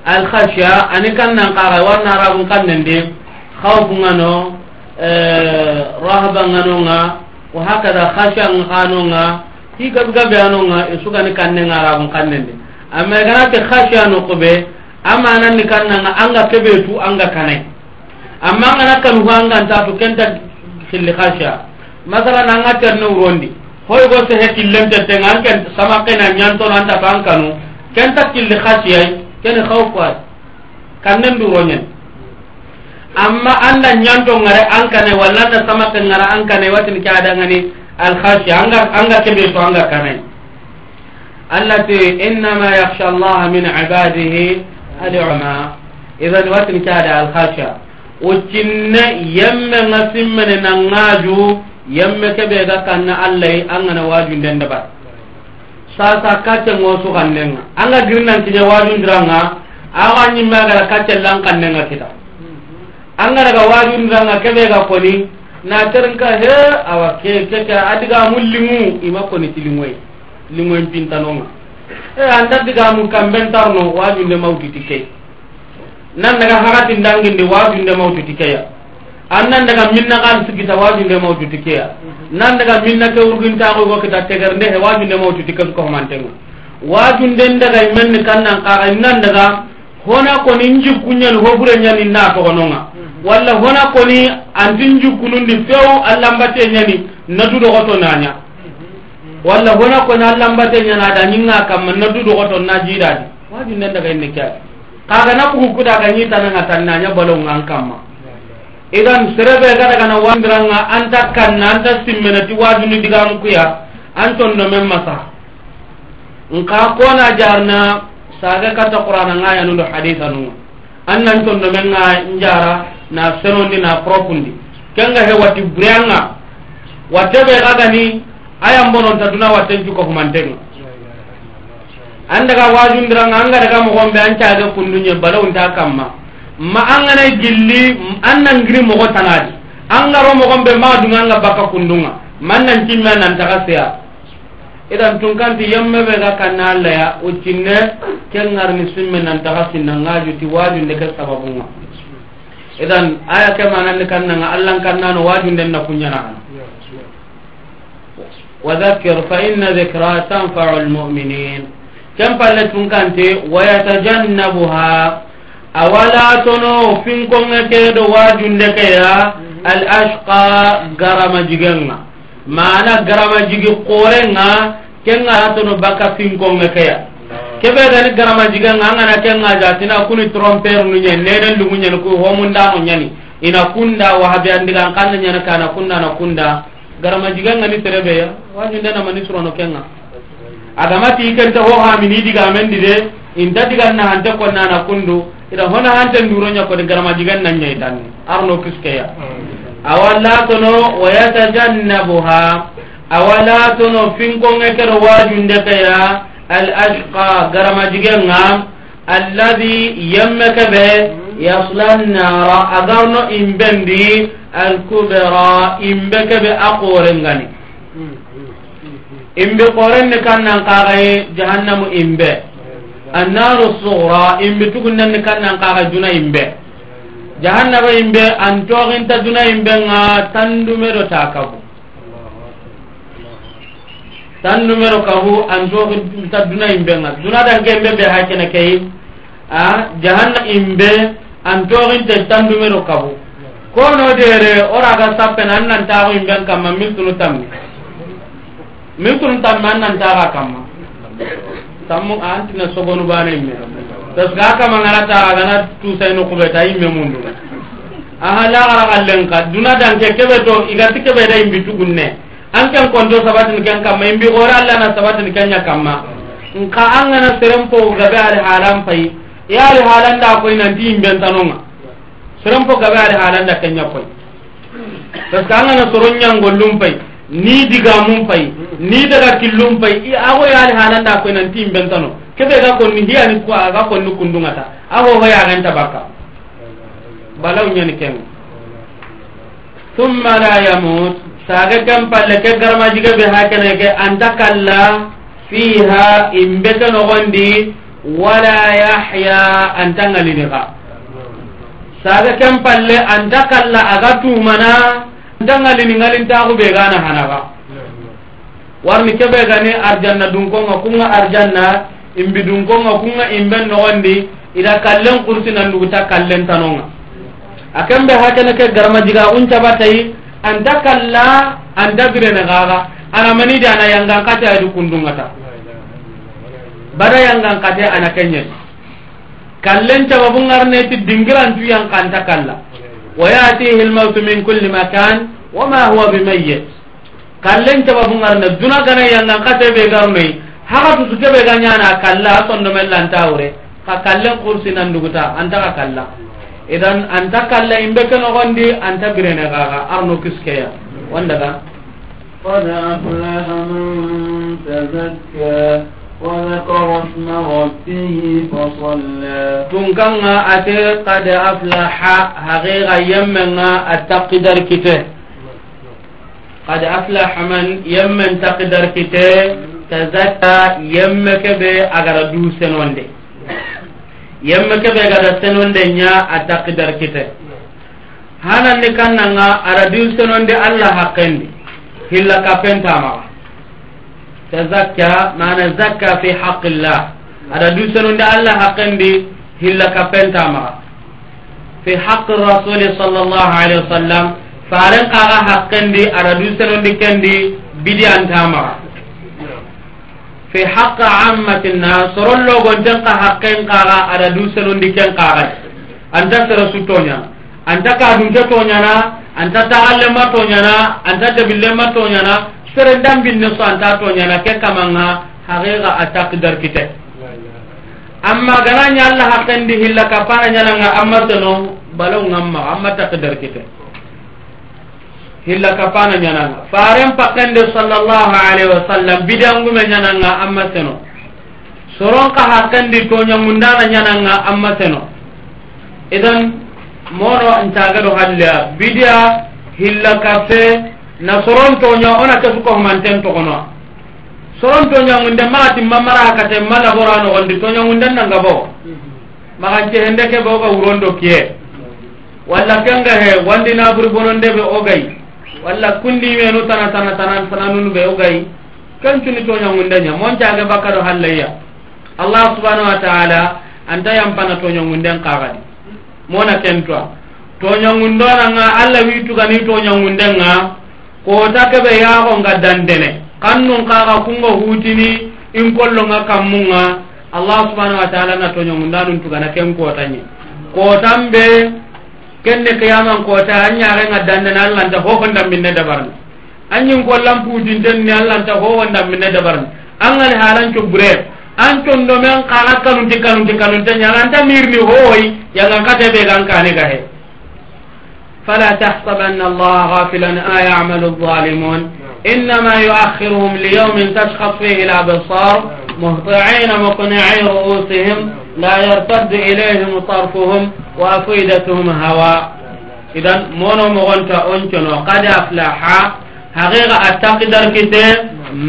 alkhasha ani kannan kaxa warna arabun kannendi xawfungano eh, nga wa hakada khashan kanonga hi gabgabe anonga isugani kannenga arabun kannendi amma ganate khasha nokoɓe amananni kannanga anga an anga kanai amma ngana kanuhu angantatu kenta filli khasha masala na nga terne wurondi hoy go se heti lente tenga ken sama kena nyanto na ta bankanu ken ta filli khasha ken khaw kwa kan nem du wonyen amma anda nyanto ngare ankane walla na sama ken ngara ankane watin ki ada ngani al khasha anga anga kebe to anga kanai allati innama yakhsha allaha min ibadihi al ulama idan watin ki ada al khasha o cinne yemme nga simmene na ngaju yemme kebe ga kanna allah an ngana waju ndende ba sa sa kacce ngo su kanne nga anga girnan ci waju ndranga awa nyi ma ga kacce lan kanne nga kita anga daga waju ndranga kebe ga koni na terin ka he awa ke ke ka adiga mullimu ima koni tilimoy limoy pintanonga e anda diga mun kambentarno waju ne mau ditike nan daga harati ndanginde waasunde mawjuti keya an nan daga minna kan sigita waasunde mawjuti keya nan daga minna ke wurgintaako go kita tegar nde he waasunde mawjuti kesu ko mantenga waasunde ndaga imenni kan nan kaara nan daga hona koni njig kunyal hobure nyani na tokononga walla hona koni anti njig kunundi few allambate nyani natudo goto nanya walla hona koni allambate nyana da nyinga kam natudo goto na jidaadi waasunde ndaga imenni kaya kaga na kuku kuda ga ni tananga tanna nya balo ngankamma idan serebe ga daga na wandranga anta kanna anta simmena ti wadu ni diga ngkuya anton no memma sa nka ko na jarna saga kata qur'ana nga ya nundo hadisa nu annan ton no menga njara na senondi na profundi kenga he wati brianga watebe ga ga ni aya mbono ta duna watenju ko humantenga andaga wajundiranga angadaga mogonɓe an cage kundue balawunta kamma ma angana gilli annangiri mogo tangadi angaro mogonɓe maduga anga bakka kundunga mannancimme anantaga seya idan tun kanti yemmeɓe ga kanna allaya uccinne ke garni simme nantaga sinnangajuti wajunde ke sababunga idan aya ke mananni kannanga allan kannano wajunden na kuñanaana wadakir fa inna dhikra tanfau lmuminin kempale tunkante wayatajannabuha awala tono finkonŋeke do wajundekeya mhm. al ashka garama jigenŋa mana garama jigi korenŋa kenŋa hatono baka finkonŋekeya kebe gani garama jigenŋa angana kenŋa jatina kuni tromper nu ñani nenen lugu ñani ku homundano ñani ina kunda wahabe andiga an kanna ñana ka na kunda na kunda garama jigenŋa ni tereɓeya wajundenamani surono kenŋa agamati ikenta ho hamini digamendi de inta diganna hante konnana kundu ida hona hante nduroñakode garama diganna ñaytanni arno kiskeya mm. awalatono wayatajannabuha awalatono finkonge kero wajunde keya al ashqa garama digenga alladi yemme keɓe mm. yaslannara agarno imbendi alkubera imbe keɓe aqorengani imbe koren ne kan nan kaga ye jahannamu imbe annaru sughra imbe tugun nan ne kan nan kaga juna imbe jahannaba imbe an togin ta juna imbe nga tan numero ta kabu tan numero kabu an togin ta juna imbe nga juna dan ke imbe be ha kene kei a jahanna imbe an togin ta tan numero kabu kono dere ora ga sappen an nan ta ko imbe kam mamil tunu tammi min kun tan man nan ta ga kamma tammu antina sogonu bane me tas ga kama ngara ta ga na tu sai no kubeta imme mundu aha la gara gallen ka duna dan ke kebe to iga tikebe da imbi tugunne an kan kondo sabatin kan kamma imbi ora Allah na sabatin kan ya kamma in ka an ga na serem po ga ba al halan fai ya al halan da ko nan di imbe tanonga serem po ga ba al halan da kan ya fai tas an na soron nyang gollum fai ni diga mun fay ni daga killum fay i ago yali halan da ko nan tim ben tano ke be ga konni hiya ni ko aga konni kundunga ta ago ho ya ganta bakka balaw nyani ken thumma la yamut saga gam palle ke garma diga be ha kana ke anta kala fiha imbe tano gondi wala yahya anta ngalini ka saga kam palle anta kala aga tumana dangalini ngalintaxuɓe gana hanaxa warni keɓe gani arjanna dunkonga kunga arjanna imbi dunkonga kunga imben noxondi ida kallen kursi nanduguta kallen tanonga a kemɓe ha keneke garama jigaxun cabatayi anta kalla anta birene xaxa anamanidi ana yangankate adi kundungata bada yangankate ana kenñen kallen cababu ngarneti dingirantu yankanta kalla ويأتيه الموت من كل مكان وما هو بميت قال لن تبغون أن الدنا كان ينقطع بيغامي haka tutu kebe ga nyana kalla tondo mella antawre ka kalla kursi nan duguta anta ka kalla idan anta kalla imbe kana gondi anta birene ga ga arno kiskeya wanda ga qad aflaha man tazakka وذكر اسم ربه فصلى تنكنا أتي قد أفلح هغير يمنا التقدر كته قد أفلح من يمن تقدر كته تزكى يمك بي أغرى دوسن وندي يمك بي أغرى سن وندي التقدر كته هذا اللي كان نغا أرى دوسن وندي الله حقين هلا كفين تامره تزكى معنى زكى في حق الله هذا دوسن ان الله حق بي هلا كفن في حق الرسول صلى الله عليه وسلم فارق حق بي هذا دوسن ان كان بي بدي ان في حق عامة الناس رول لو جن قا حق ان قا هذا دوسن ان كان قا انت ترسوتونيا انت كادوجتونيا انت تعلمتونيا انت تبلمتونيا sere dambin ne so anta to nyana ke kamanga haqiqa atak dar kite amma gana nya Allah hakan di hilla ka para nyana nga amma tono balau ngamma amma tak dar kite hilla ka para nyana nga faren pakken de sallallahu alaihi wasallam bidangu me nyana nga amma tono soron ka hakan di to nya mundana nyana nga amma tono idan moro antaga do halya bidia hilla ka na sorontoña onate sukohumanten togonoa sorontoñagunde maati mamarakate ma laboranogondi toñagunde nangabo maganke hende keɓe oga wurondo kie walla kengehe wandi naburi bononɗeɓe ogay walla kundimenu tana tana tana tananunu ɓe ogay kencuni toñagundeña moncage bakkaɗo hallayya allah subhanau wa taala anta yampana toñagunden kagadi mona kentua toñagundonanga allah wituganii toñagundenga kota keɓe yaxonga dandene kannun kaxa kunga hutini in kollonga kammunga allah subhanau wa taala nga toñongundanun tugana ken kotañi kotan ɓe kenne kiyaman kota an ñaxenga dandene allanta hoho ndambinne dabarni añin kollan putintenni allanta hoho ndambinne dabarni angani halanco bure an condome an kaxa kanunti kanunti kanunteñi aganta mirni hooy yagan katebe gan kane gahe فلا تحسبن الله غافلا آه يعمل الظالمون إنما يؤخرهم ليوم تشخص فيه الأبصار مهطعين مقنعي رؤوسهم لا يرتد إليهم طرفهم وأفئدتهم هواء إذا مونو مغنتا أنتن وقد أفلح حقيقة أتقدر كتير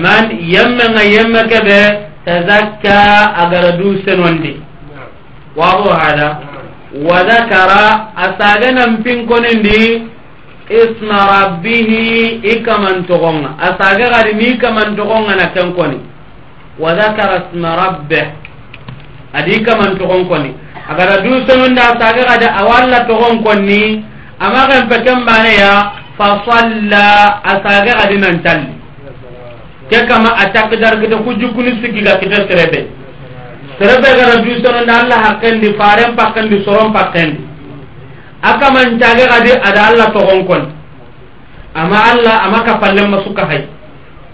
من يمنا يمك به تزكى أغردوسن وندي واضح هذا wa zakara asaganan pinkonendi isma rabbihi ikamantogonga asaga mi kaman kamantogonga na kenkoni wa zakara isma rabbih adi ikamantogon koni agada du senunda asaga gadi awalla togon konni ama kan peken baneya fa salla asaga gadi nan talli ke kama atakdar gida kujukuni sigiga kita serebe serebegara dusononde allah hakkendi faren pakkendi soron pakkendi akamancage kadi ada allah togonkon ama allah ama kapallenma suka hay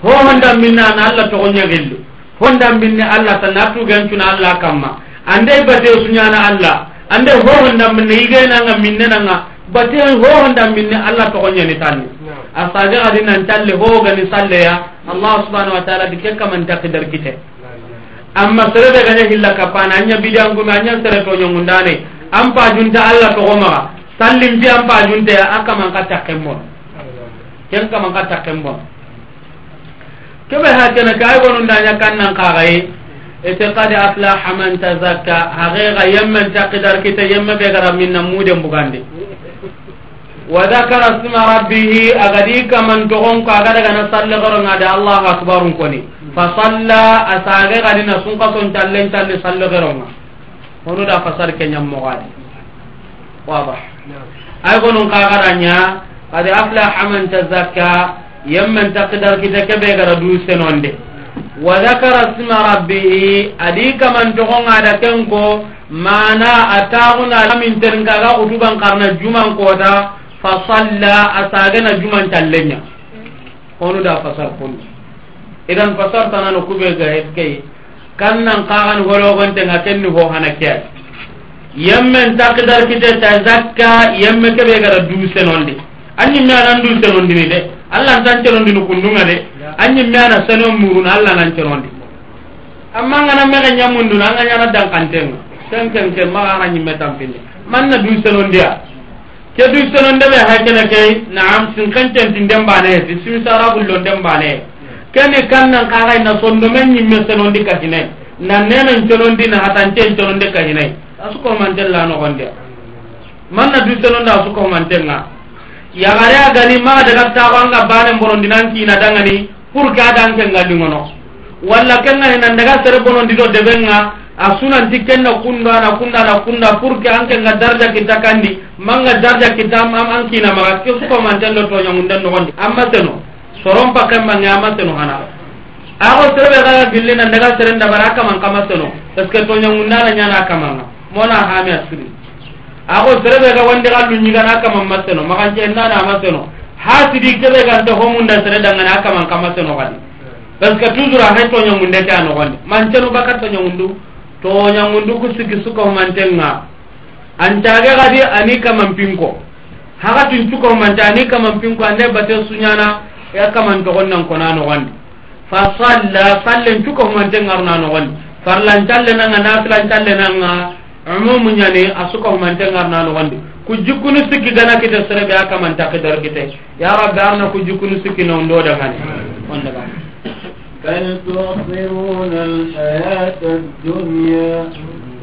ho hondanminne ana allah togoñagelli hondanminne allah tanna tugencuna allah kamma ande batesuñana allah ande ho hondanminne yigenanga minnenanga bate ho hondanminne allah togoñani tanni asage kadi nantalle hoogani salleya allah subhanau wa taala di kekkamantakidar kite amma serebe gane hilla kapana anya bidi angume anya serebe onyongundane ampa junta alla to goma sallim bi ampa junta aka man katta kembon ken ka man katta kembon kebe ha kana kai gonun danya kannan ka gai ete qad aflaha man tazakka haqiqa yamman taqdar kita yamma be garam minna mude mbugande wa dhakara isma rabbih agadi kaman to gon ko agada kana sallagaro ngade allah akbarun koni fa salla a saage ganina sunka son callen calli sallogeronga honu da fasar kenyammogadi waba ay gonun kagaranya kadi aflaha man tazakka yemmen takidar kita kebe gara dusenonde wa dhakara sma rabbihi adi kaman togongada kenko mana atagunamin terinkaga utubankarna juman kota fa salla a saagena juman callenya honu da fasar kunu idan fasartanano kuɓe ga hefkey kan nan kaxani hologonte nga kenni hoxana keat yemmen takidar kite ta zakka yemme keɓe gara duusenondi anñimme anan duusenondini de allah ntancenondini kunduga de anñimme ana sanon muruna allah nancenondi amma ngana mexe ñammunduna anga ñana dankantenga ken ken ken maxa xa ñimme tampindi manna duusenondia ke duusenondeɓe xa kene key naam sinkencentin dembaneye si simisarabullo dembaneye kene kannan kaxay na sondomen ñimme senondi kahinay na nenan conondi na hatancen conondi kahinay a sukomantella noxondia man na du senonda a sukomantenga yaxare a gani maxa daga taxoanga bane mborondi nan kina dangani pour ke a dan kenga ndingono walla kenga hena daga sere bonondi do deɓenga a sunanti kenna kundo ana kunda ana kunda pour ke an kenga darja kitta kandi manga darja kitta an kina maxa ke sukomantello toñamunden noxondi amma seno soron pakken mange ama seno hana ako serebe kaa gillina ndega seren dabara a kaman kama seno parce que toñangundana ñana a kamanga mona hami a siri ako serebe ka wandi ga luñigana a kaman ma seno maxanceendana ama seno ha sidi kebe gante homunda sere dangane a kaman kama seno xadi parce que toujours axe toñangunde ke a noxonde mancenu baka toñangundu toñangundu ku sigi sukof mantenga antage xadi ani kaman pinko haxa tun cukof mante ani kaman pinko ande bate suñana yakkaman togon nan kona nogondi fa salla sallen cukahumante garna nogondi farlancalle nanga nafilancalle nanga umumu ñani a sukahumante garna nogondi ku jikkunu sikki gana kite serebe yakkamanta kidar kite ya rabbi arna ku jikkunu sikki non do dagani onaga بل تؤثرون الحياة الدنيا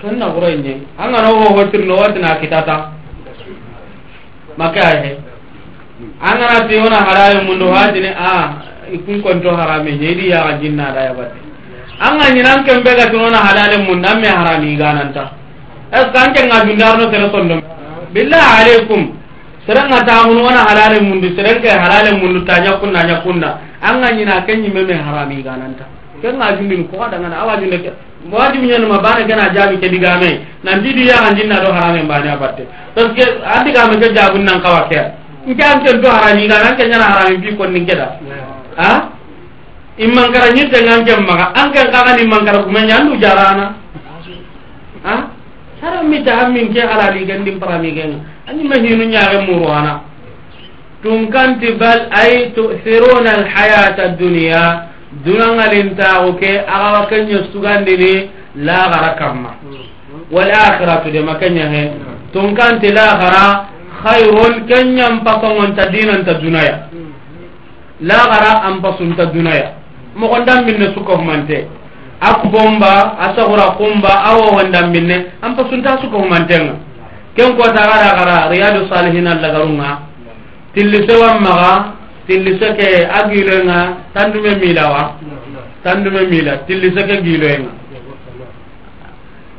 sunna buro nye anga no ho tir no wat na kitata maka he anga na ti ona haray mundu ha dine a ah, ikun kon to harame ye di ya jinna da ya bat anga nyi nan kem bega ti ona halal mun nam me harami gananta es kan ke ngadun dar no tere tondo billahi alaikum serang ata mun ona halal mun di serang ke halal mun ta nyakun na nyakunna anga nyi na ken nyi me me harami gananta ken ngadun din ko da ngana awajun de wajib ñen ma bana kana jabi ke digame nan didi ya kan jinna do harame bana batte parce que andi kame ke jabu nan kawa ke nke an ke do harani ga nan ke nyana harami bi kon ninge keda ha imman kara nyi te ngam jam maka an ke ka kan imman kara kuma nyandu jarana ha sara mi ta min ke ala di gandim parami gen ma hinu nyaare murwana tum kan tibal ay tu'thiruna al hayata ad-dunya dunangalintaxu ke axawa keñe sugandini laxara kamma walakiratu dema keñahe tunkanti laxara hayron keñampasongonta dinanta dunaya laxara anpasunta dunaya moxondanbinne sukahumante a kubomba a sahura kumba a wowondanbinne anpasunta sukahumantenga ken kotaxa laxara riyadu salihin allagarunga tillisewan maxa tilliseke a giloyenga tandume mila wa tandume mila tilliseke giloyenga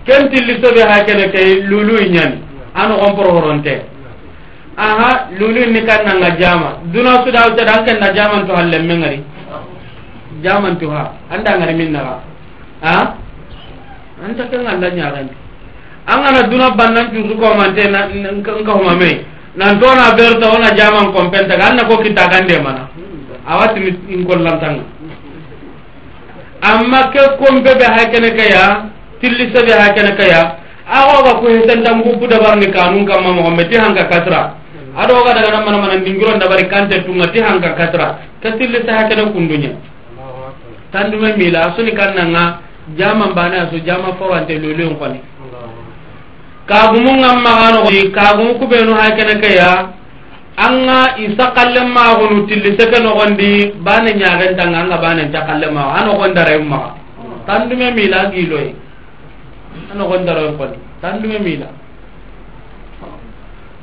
ken tilliseke ha kene ke lului ñani ano xompro horonte aha lului ni kan nanga jama duna sudawtede an kenna jamantuha lemme ngari jamantuha anda ngari min naxa a anta ke ngalla ñaxendi a ngana duna bannan cuusu komante nka xuma mai nantona berta ona jaman compentaga anna ko kitta gandemana awatini inkollantanga amma ke kompeɓe ha kene kaya tillisaɓe ha kene kaya axoga ku hesentan guppu dabarni kanun kamma moxome ti hanka katra aɗoga daga namanamana ndingiro dabari kante tunga ti hanka katra ke tillisa ha kene kunduña tandume mila a suni kannanga jama mbane a su jama forante lolion kone kagumu ngam maganoxoi kagumu kubenu ha kene keya anga isa kalle magunu tilli seke noxondi bane ñagentanga anga bane nta kalle mago a noxondarayum maxa tandume mila giloye a noxondaroy kon tandume mila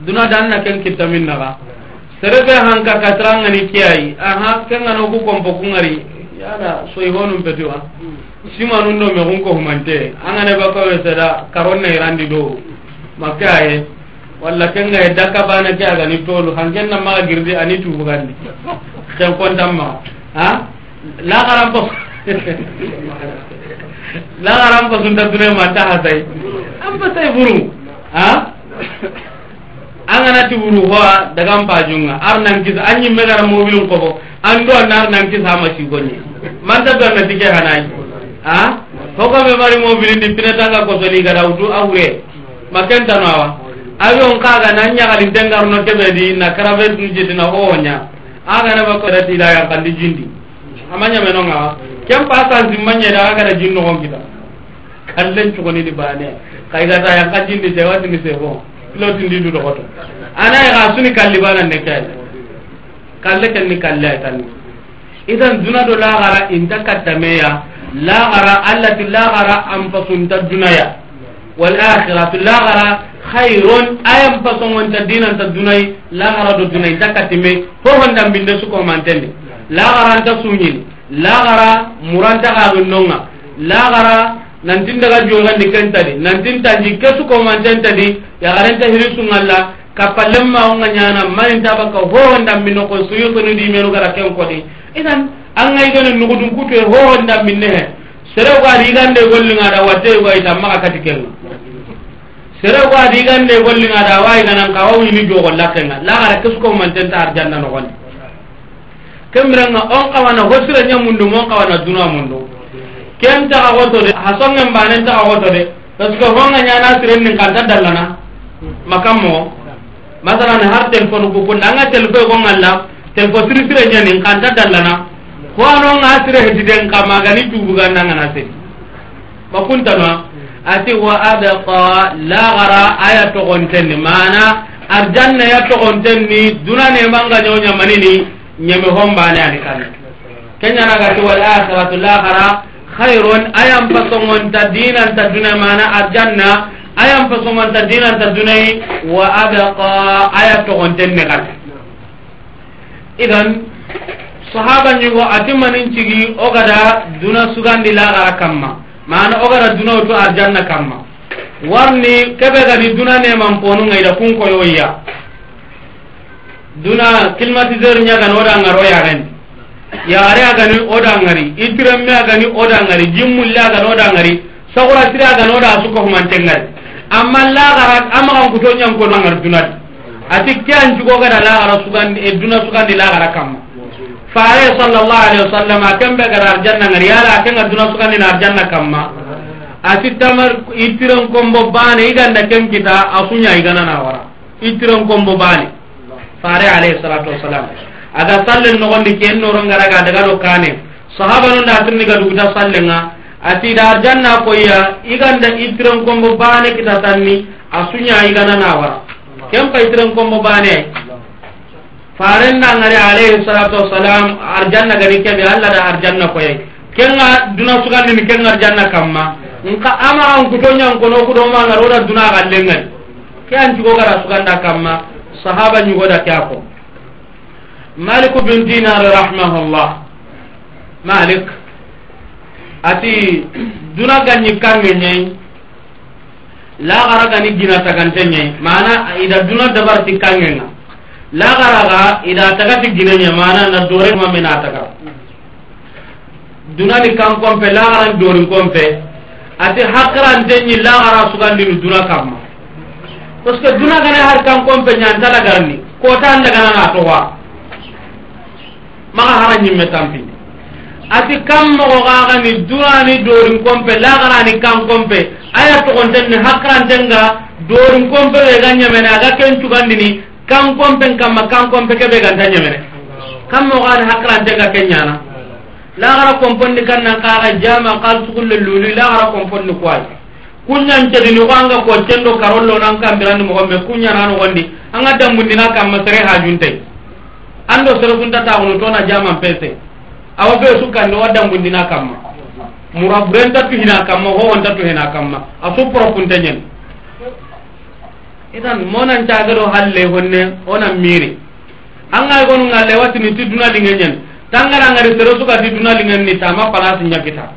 duna danna ken kittamin naxa serefe hanka katrangani kiyayi aha kenganoku compo kungari yada soyhonum petiwa hmm. simanun do me xunko humante angane bakawe seda karonna irandi dowru aye walla kenga ye dakka bana ke aga ni tolu hanken na maga girdi ani tu bugandi ken kontam ma ha la garam ko la garam ko sunta dure ma ta hasai am patai buru ha angana ti buru ho daga mpa junga arnan kis anyi megara mobilun ko bo ando anar nan kis ama ci gonni man ta do na tike hanai ha ko ko me mari mobilin di pinata ga ko soli ga awre ma kentanowa avion kaga na ñagalin tengaruno keɓedi na cravetu jidina oxoña aganaɓakoɗatiɗa yankandi jindi ama ñamenongawa kem pasansimmañeda a gada jinnoxonkita kan len cugonidi bane kaygata yanka jindi sewatini sefo pilotindi duɗoxoto anaye xa suni kallibanane ke kalle kenni kalle ay tanni idan duna do laxara inta kattameya laxara allati laxara anpasunta dunaya والآخرة في الآخرة خير أيام بسون وانت دين انت دوني لا غرا دو دوني تكتمي هو هندا بند سكو مانتني لا غرا انت سوين لا غرا مران تغاب النونا لا غرا نانتين دغا جوغا نكن تدي نانتين تاني كسكو مانتين تدي يا غرا انت هرسون الله كفا لما هنغا نانا ما انت بكا هو هندا بند سيوطن دي ميرو غرا كيون قدي إذن أنا إذن النقود نكوتو هو هندا بندهن serew ko adi igande golliŋa da watte yigo ayita maga kati kenga serew ko adi igande golliŋa da wa yiganan ka wawu yini jogo lakkenga lakara kesuko manten ta arjanna nogondi kemirenga on kawana hosire nya mundu mon kawana duna mundu ken ta awoto de hasonga mbanen ta awoto de kesuko honga nya na sire nin kanta dallana makammo masalan har telefon ko ko nanga telefon ko ngalla telefon sire sire nya nin kanta dallana ko anon ga sire hetiden kamagani cubugannangana seni makuntanoa ati wa adaka lagara aya togontenni mana arjanna ya togontenni dunanemanga ñoñamanini ñeme hombane ani kanna keñanagati wal akhiratu lagara hayron ayanpasogonta dinanta duna mana arjanna ayanpasogonta dinanta dunai wa adaka aya togontenne kan idan sahaba ñigo atimmanin cigi ogada duna sugandi lagara kamma mana ogada duna wotu arjanna kamma warni kebe gani duna neman ponu ngayda kunkoyoya duna climatiseur ñagani oda ngar oyaren yare agani oda ngari itiremme agani oda ngari jimmulle agani oda ngari sahuratire agani oda sukohumante ngari amma lagara amagankuto ñankonangar dunadi ati ke ancigo gada lagara sugandi e duna sugandi lagara kamma faare sallallahu alaihi wa sallam a kan bai gara arjanna ngari yala a kan aduna su kanina arjanna kamma a si tamar itiran kombo bane i ganda kan kita a sunya i gana na wara itiran kombo bane faare alaihi salatu wa sallam a ga sallin nukon di kien noro ngara ga daga lo kane sahaba nun da atirni ga dukuta sallin nga a si da arjanna ko iya i ganda itiran kombo bane kita tanni a sunya i gana na wara kan pa itiran kombo bane farenngangari alayhi salatu wasalam arjanna gani keɓe allah da arjanna koye kenga duna suganini kenga arjanna kamma nka ama ankutoñankono kudomangar oda duna gallengari ke ancigogara suganda kamma sahaba ñugoda ke a ko malik bin dinar rahimahullah malik ati duna gañi kange ñayi lagara gani ginataganteñayi mana ida duna dabarti kangenga lagaraga ida tagati gineñe mana na dorimami na taga dunani kan kompe lagaran dorin kompe ati hakkiranteñi lagara sugandini duna kamma parce que duna gana har kan kompe ñantalagarni kota andaganana towa maga hara ñimme tampini ati kam mogogagani durani dorin kompe lagarani kan kompe aya togontenni hakkiranten ga dorin kompe ga ganñamene aga ken cugandini kan kompen kamma kan kompe keɓe ganta ñamene kam moxoani hakrantenga ke ñana laxara komponni kanna kaxa jama kal sugulle luli laxara komponni koay kuñancedini xoanga ko cendo karollonan kambirandi moxome kuñananoxondi anga dambundina kamma sere hajuntey ando sere kunta taxunu tona jaman pese awa fe sukkande wa dambundina kamma mura burentatuhina kamma xoxontatuhina kamma a su propunte ñen itan monantagedo halle honne onan miiri angay gonu ngalle watini ti duna liŋeñen tangarangari sere suga ti duna liŋen ni tama palasi ñakita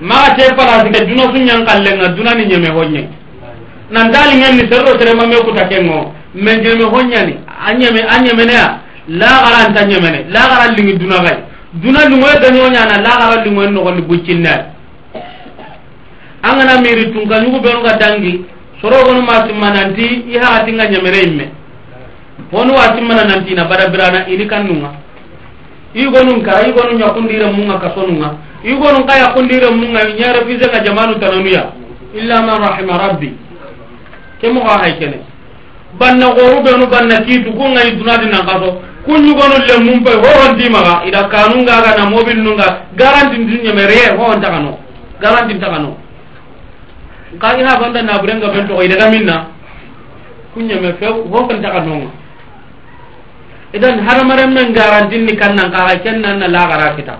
maga te palasike duno su ñankalle nga dunani ñeme hoñe nanta liŋen ni sereo serema me kuta kengo me ñeme hoñani añeme a ñemeneya lagaranta ñemene lagara liŋi dunagay duna luŋoye beñoñana lagara luŋoe nogondi buccinne angana miiri tunkañugu benuga dangi sorogonu ma simma nanti i ha atinga ñemere imme honu wa simmana nantina bada birana ini kannunga igonun ka igonu ñakundire munga kasonunga igonun ka yakundire munga ñere pisenga jamanu tananuya illa man rahima rabbi ke moxa hay kene banna goru benu banna kiitu ku ngayi dunadi nankaso ku ñugonu lemmum pay hoxontimaxa ida kanungaga na mobile nunga garantin ti ñemere ye hoxontaxano garantin taxano ka i ha ganda naburenga ben toxo ilega minna kuñame few hofentaxa nonga edan haramaren men garantini kannan kaxa kennanna laxara kita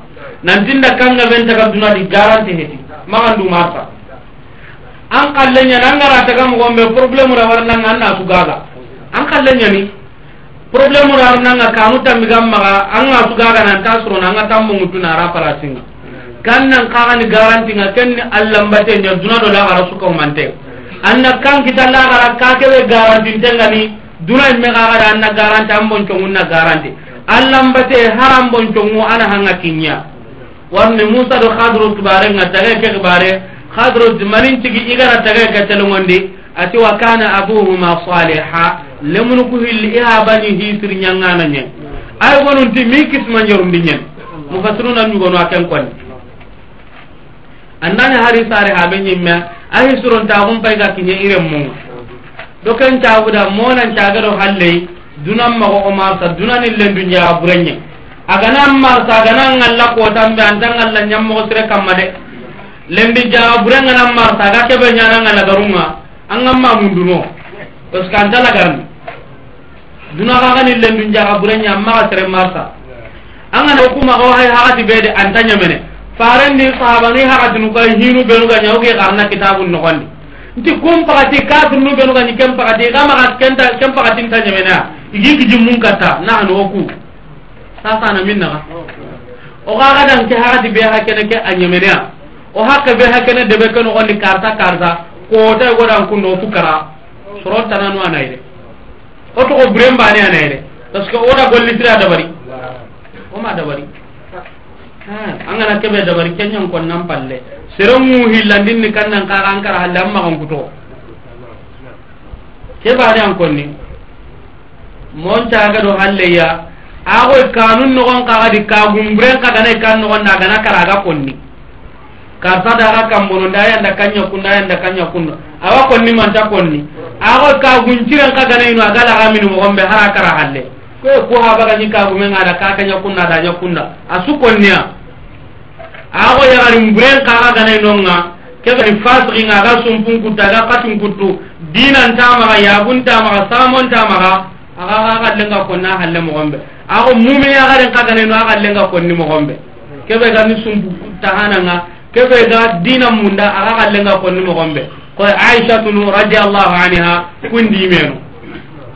nantinna kanga ben taga dunadi garanti heti maxandumarta an kallenyani an gara taga mogonɓe probléme ra warnanga an natu gaga an kallenyani probléme ra warnanga kanu tambigan maxa an natu gaga nanta surona anga tammogutuna ara palasinga kannan kaxani garantinga kenni allambatenja duna do laxara sukaumante anna kan kita laxara kakewe garantintengani dunai me xaxada anna garanti an boncongunna garanti allambate har an boncongu ana hanga kinya warni musa do hadro tubare nga tagee ke xibare hadro malin cigi igana tagee ke telengondi ati wa kana abuhuma saliha lemunu ku hilli ihabani hisiri ñangana ñen ay gonunti mi kisma njarundi ñen mufasiruna ñugonu a ken konni andani hari sare ha be nyimma ahi suron ta gum pay ga kinye irem mu do ken ta guda monan ta gado halle dunam ma o ma sa dunani lendu nya burenye aga nan ma sa ga nan ngalla ko tan be andan ngalla nyam mo sire kamade lendi ja buren nan ma sa ga ke be nya nan ngalla garunga angam ma mun duno to skandala garan duna ga ga ni lendu nya burenye ma sire ma sa angana hukuma ko hay haati be de antanya mene farendi sahabani haradinuka hinu benuga ñauke arna kitabu nogondi nti kum pakati kafir nu benuga ñi kem pakati kamaka kem pakati nta ñemenea igi kiji munkatta naani wo ku sasana min naga oxaxa danke haxati beha kene ke a ñemenea o hakke beha kene deɓe ke nogondi karta karta koota godan kunno o fukara sorotananu anayi de o toxo bure mbane anayi de parce que o da gollitire a dabari oma dabari angana keɓe dabari keñonkon nan palle sere mu hillandin ni kan nan kaga ankara halle an magonkuto keɓaani an konni moncaga do halleya akoy e kanun nogon kagadi kagumburen kaganai kan nogonna gana karaga konni kartadaga kambono nda yanda kanñakun nda yanda kanñakunno awa konni manta konni akoy e kagunciren kaganaino agalagaminimogonɓe hara kara halle ko kuha bagani kagu men ada ka ka nyakunna da nyakunna asukonnya ago yarani mbren kaga ganai nonga kebe ni fasri nga ga sumpun ku daga katun kutu dinan tama ga yagun tama ga samon tama ga aga aga lenga konna halle mo gombe ago mumi ya garen kaga ne no aga lenga konni mo gombe kebe ga ni sumpu tahana nga kebe ga dinan munda aga lenga konni mo gombe ko aisha tun radiyallahu anha kundi meno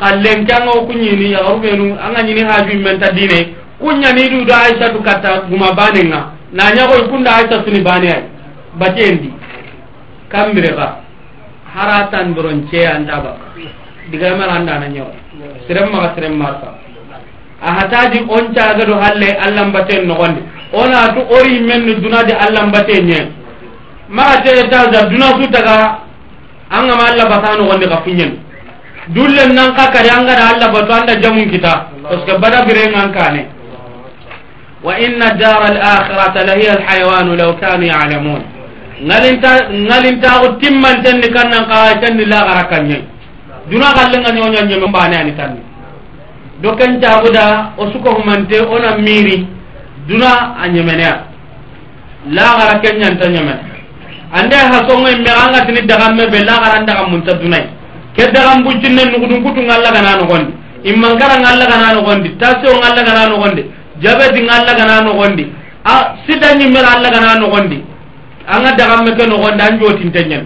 kallen kanga ku nyini ya garu benu anga nyini haju menta dine kunya ni du da aisha tu kata guma bane nga na nya ko kunda aisha tu ni bane ai batendi kamre ga haratan bronche anda ba diga mar anda na nyo sirem ma sirem ma ta a hataji on ta ga do halle allah baten no gonde ona tu ori men duna di allah baten nye ma ta ta da duna su daga anga ma allah batano gonde ka finyen dullen nan ka kari an gada allah batu anda jamun kita parce que bada bire nan kane wa inna dar al akhirah la hiya al hayawan law kanu ya'lamun ngalinta ngalinta o timman tan ni kan nan ka tan ni la garakan ni duna galle ngani onya nyem mbane ani tan do ken ta guda o suko humante ona miri duna anyemenya la garakan nyanta nyemen ande ha songo imme anga tin daga me be la garan daga mun ta dunai keddagan bujjinne nugudun kutun allagana nogondi immankaran allagana nogondi tasion allagana nogondi jabedin allagana nogondi a sidañimmen allagana nogondi anga dagammeke nogondi an jotintenñen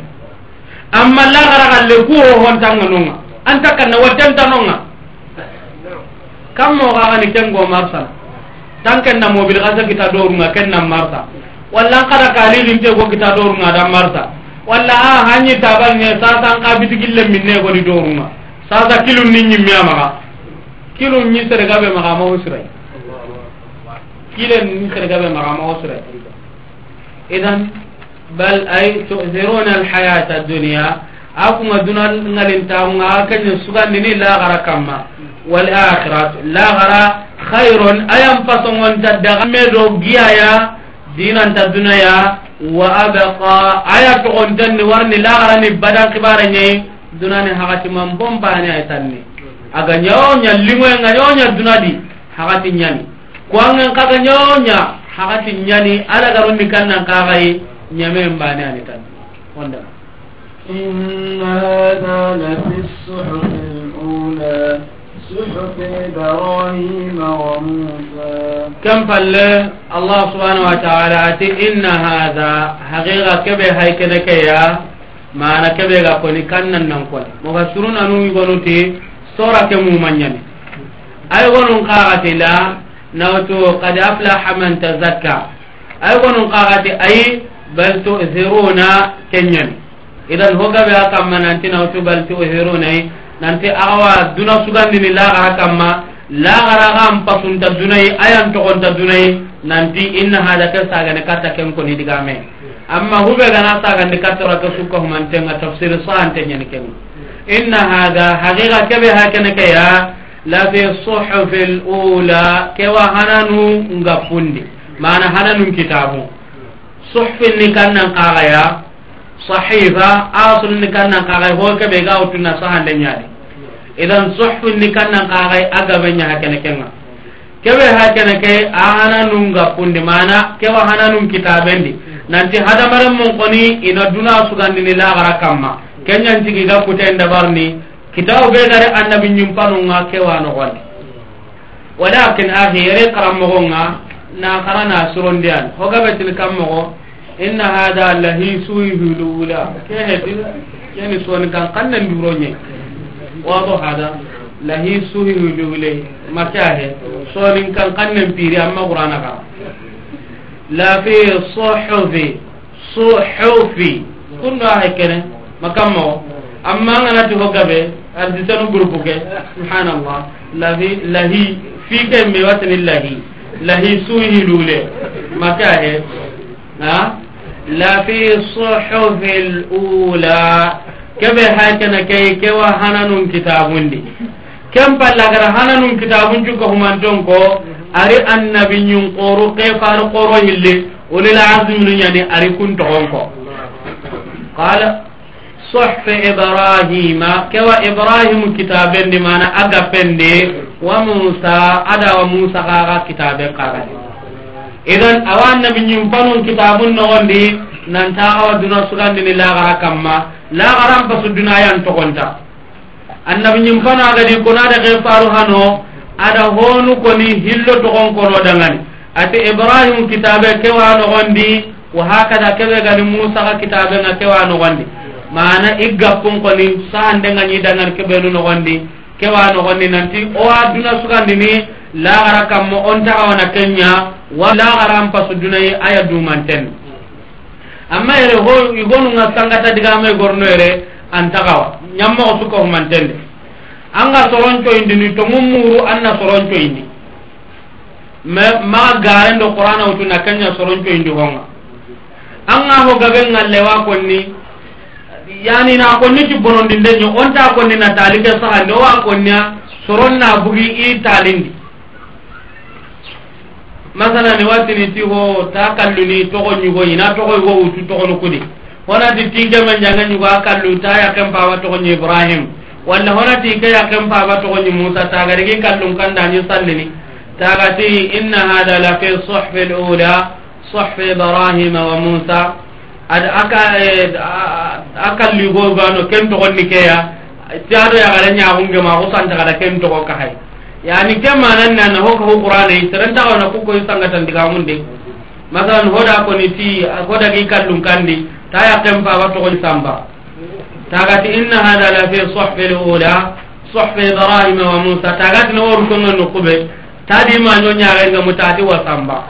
amma lagaragalle kuohontanga nonga antakkanna wattentanonga kam mogagani kengo marsan tankenna mobile gasa kita dorunga kennan marsa walla an kada kalilinte go kita dorunga dan marsa walla a hañi tabange sasa an kabiti gille minne goni doruma sasa kilu ni ñimmiya maxa kilu ñi seregabe maxa maxo siray kile ni seregabe maxa maxo siray idan bal ay tuhiruna alhayata adunia a kuma duna ngalintamunga a kene sugandini lahara kamma walakhirat lahara khayron ayan pasongonta daxamme do giyaya dinanta dunaya wa abqa aya to on tanni warni la garani badal kibara nyi dunani hakati man bomba ni ay tanni aga nyaw nya limo nga nyaw nya dunadi hakati nyani ko nga kaga nyaw nya hakati nyani ala garoni kanna ka gai nyame mbani ani tanni wonda inna hadha la fi suhufil ula kam palle allah subhanahu wa taala ati inna hada haqiqa kebe hay kene keya mana kebe ga koni kannan nan koni moga surun anu gonu ti sora ke mu manyani ay gonu qaqati la nawtu qad aflaha man tazakka ay gonu qaqati ay bal tu'thiruna kenyani idan hoga be akam manan ti nawtu bal tu'thiruna ay nanti awa duna sugandini lagara kamma lagara ga an pasunta dunayi ayantogonta dunayi nanti inna hada ke sagani karta kenkoni digame amma hube gana sagandi kattora ke sukka humantenga tafsir sante nyani ken inna hada haqiqa kebe ha keneke ya lafi suhufi lula kewa hananu ngafundi mana hananu kitabu suhufi ni kannan kaga ya sahifa asulni kannankaxay hokeɓe ga wottuna sahande ñaɗi idan sohfinni kannankaxay a gaɓeñaha kene kenga keɓe ha kene ke a hana nun gappundi mana kewa hana nun kitabendi nanti hadamaren mon koni ina duna sugandini laxara kamma kenñantigi gakkuten dabarni kitabu ɓe gare annabi ñumpanunga kewa noxondi walakin axi yere karanmoxonga na xara na surondi an hogaɓetin kanmoxo inna hada lahi suyhu lula kehe din yani soni kan kannan duro nye wado hada lahi suyhu lula makahe soni kan kannan piri amma qur'ana ka la fi suhufi suhufi kunno ay kene makammo amma ngana ti hogabe arditanu grupu ke subhanallah lahi lahi fi kembe watani lahi lahi suyhu lula makahe ha laa fi sooxoow waa kebe haa jenna kee keba hanannu kitaabuuni kem galaana hanannu kitaabuun juu ga'u man doonko ari annabi nyiin qoruu qeefaadha qoroo hinlee olee laa simbira nyaani ari kun to'oŋko qaala sooxe Ibrahima keba Ibrahiimu kitaabuun maana agab bende wa muusaa aadaa waan muusa qaara kitaabee qaara. idan awa annabi ñin fanun kitabun nogondi nantaxawa duna sugandini laxara kamma laxaran pasu dunayan togonta annabi ñin fano agadi konaada xe faru hano ada honu koni hillo togon kono dangani ati ibrahimu kitabe kewa nogondi wa hakada keɓe gani musaxa kitabenga kewa nogondi mana i gappun koni sa handenga ñi dangani keɓenu nogondi kewa nogondi nanti owa duna sugandini laxara kammo on taxawana kenña wa laxara n pasu dunayi aya dumanten amma yere igonunga sangata digamay gorno yere an taxawa ñammoxo suka xumanten de anga soroncoyindini tomum muru anna soroncoyindi ma maa garen do qurana wutu na kenña soroncoyindi xonga anga fo gabengallewa konni yani na ko ni ci bonon din den yo on ta ko ni na tali ke sa ande wa ko nya soron na bugi i talindi masala ni watini ti ho ta kallu ni togo ni ho ina togo ho utu togo no kudi hona ti tinga man janga ni ba kallu ta ya kan pawa togo ni ibrahim walla hona ti ke ya kan pawa togo ni musa ta ga ni kallu kan da ni sallini ta ga ti inna hada la fi suhf al ula suhf ibrahim wa musa ad aka e, akallu ho ba no ken togo ni ke ya ti ado ya ga ni ya hunge ma ho san ta ga ken togo ka hay yani kemananana hoka ho qurana serentaxana kuko sangatan digamundi masalan hoda koniti hodagi kallum kandi ta yaken faba togoy samba tagati inna hada la fi sohfi lula sohfi ibrahima wa musa tagati no worukonga nukube tadimaño ñagengamu tati wa samba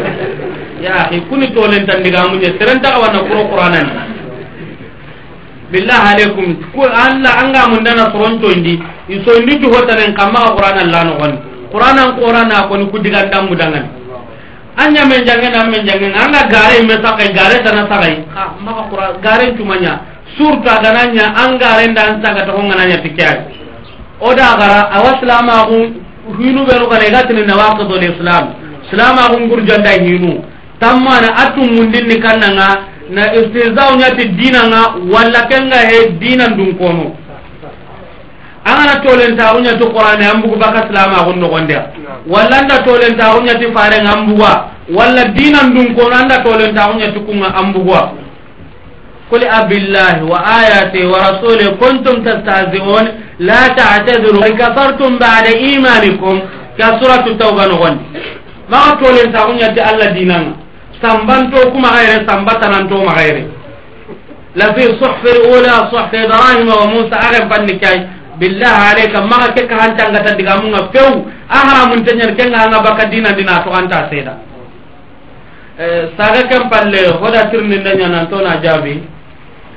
yaki kuni tolentandigamuje serentaxawana kuro quranani billah alaikum ku alla anga mun dana soronto ndi iso ndi ju hotanen kamma qur'an alla no gon qur'an an qur'an ko ni ku diga dam mudangan anya men jangen an men jangen anga gare me sa kay gare dana sa kay ma qur'an gare tuma nya surta dana nya anga renda an sa gata hongana nya tikay o da gara awaslama hu hinu beru kale gatin na waqta do islam islama hu ngur janda hinu tamma na atum mundin ni kannanga na istihzaw ñati dina nga walla kenga he dina ndun kono angana tolentaxu ñati qurane an bugu baka silamaxun noxondea walla anda tolentaxu ñati farenga an bugwa walla dina ndun kono anda tolentaxu ñati kunga an bugwa قل أبالله وآياته ورسوله كنتم تستهزئون لا تعتذروا إن كفرتم بعد إيمانكم كسورة التوبة نغني ما قلت لهم تقول الله ديننا sambanto kuma xayre sambatananto ma xayre lafi sohfe ola sohfe ibrahima wa musa a xen fanni kay billah aleyka maxa ke kaxancangata digamunga few a haramunteñer kengaxanga baka dinandi na toxanta seeda e, saga ken palle hoda tirni de ñananto na jaabi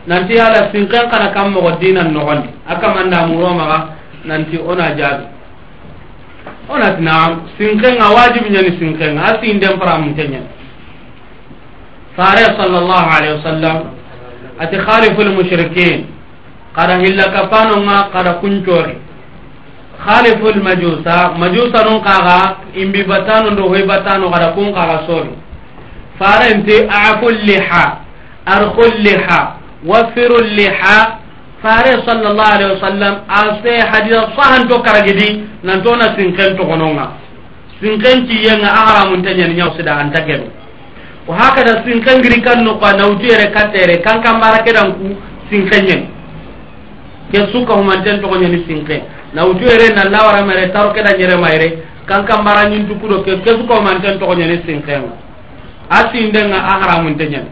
nanti yala sinken xana kam moxo dinan noxondi a kamanda muromaxa nanti ona jaabi onati naam sinkenga wajibi ñani sinkenga a sin den faramunteñene صاري صلى الله عليه وسلم أتخالف المشركين قال هلا كفانو ما قال كنتوري خالف المجوسة ان نقاها إن ببطان روهي بطان وقال كنقا رسول فارنتي أعفو اللحى أرخو اللحى وفروا اللحى فاري صلى الله عليه وسلم أصيح حديث صحن توقر جدي نانتونا سنقين تغنونا سنقين تيين أعرام تنين يوصد عن تكبير ko hakada sinkangiri kanno ko a nawtuyere kattere kankambara kedanku sinkeñen ke sukka humanten togoñeni sinke nawtuyere nallawaramere taro kedañeremayre kankambara ñintukudo ke ke sukka humanten togoñeni sinkenga a sindenga a haramunte ñen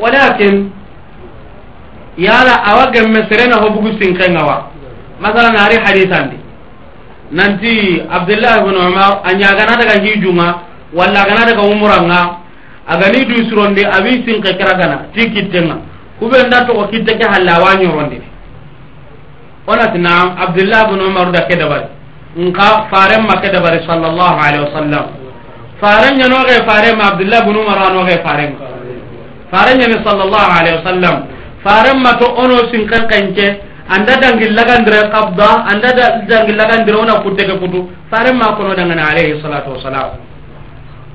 walakin yala awa gemme serena ho bugu sinkenga wa masala naari hadisandi nanti abdullahi bnu umar a ñaganadaga hijunga walla agana daga umuranga agani du surondi abi sinke kira gana ti kittenga kube nda to kitte ke halla wa nyorondi ona tina abdullah ibn umar da keda bari nka faren ma keda bari sallallahu alaihi wasallam faren nya no ge faren ma abdullah ibn umar no ge faren faren nya sallallahu alaihi wasallam faren ma to ono sinke kanke anda dangil lagan dire qabda anda dangil lagan dire ona kutte ke kutu faren ma kono dangana alaihi salatu wasallam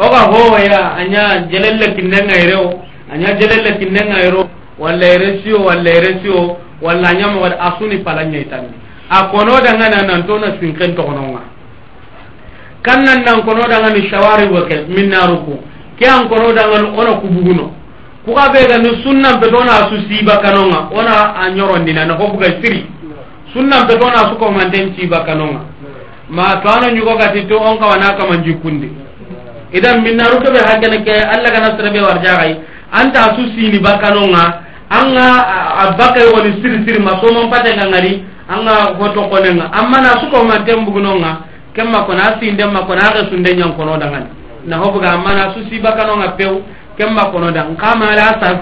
oga hooya aña jelelle kinnengayreo aña jelelle kinnengayro walla eresio walla eresio walla añamogode asuni palañaytanni a konodangani anantona sinken toxononga kannan nan konodangani sawarigoke minnaruku ke an konodangani ono kubuguno kuka ɓegani sunnanpeto ona su sibakanonga ona a ñorondina nako buga siri sunnanpeto ona su komanten sibakanonga ma to ano ñugogati to on kawana kama jikkundi idan minna ruto be hagene ke alla gana sere be warjaay anta su sini bakano nga anga abakay woni sir sir ma so mon pate nga ngari anga hoto kone nga amma na su ko ma tembu gno nga kemma ko na si ndem ma ko na ga sunde nyang kono daga na hobo ga amma na su si bakano nga pew kemma kono da kama ala sab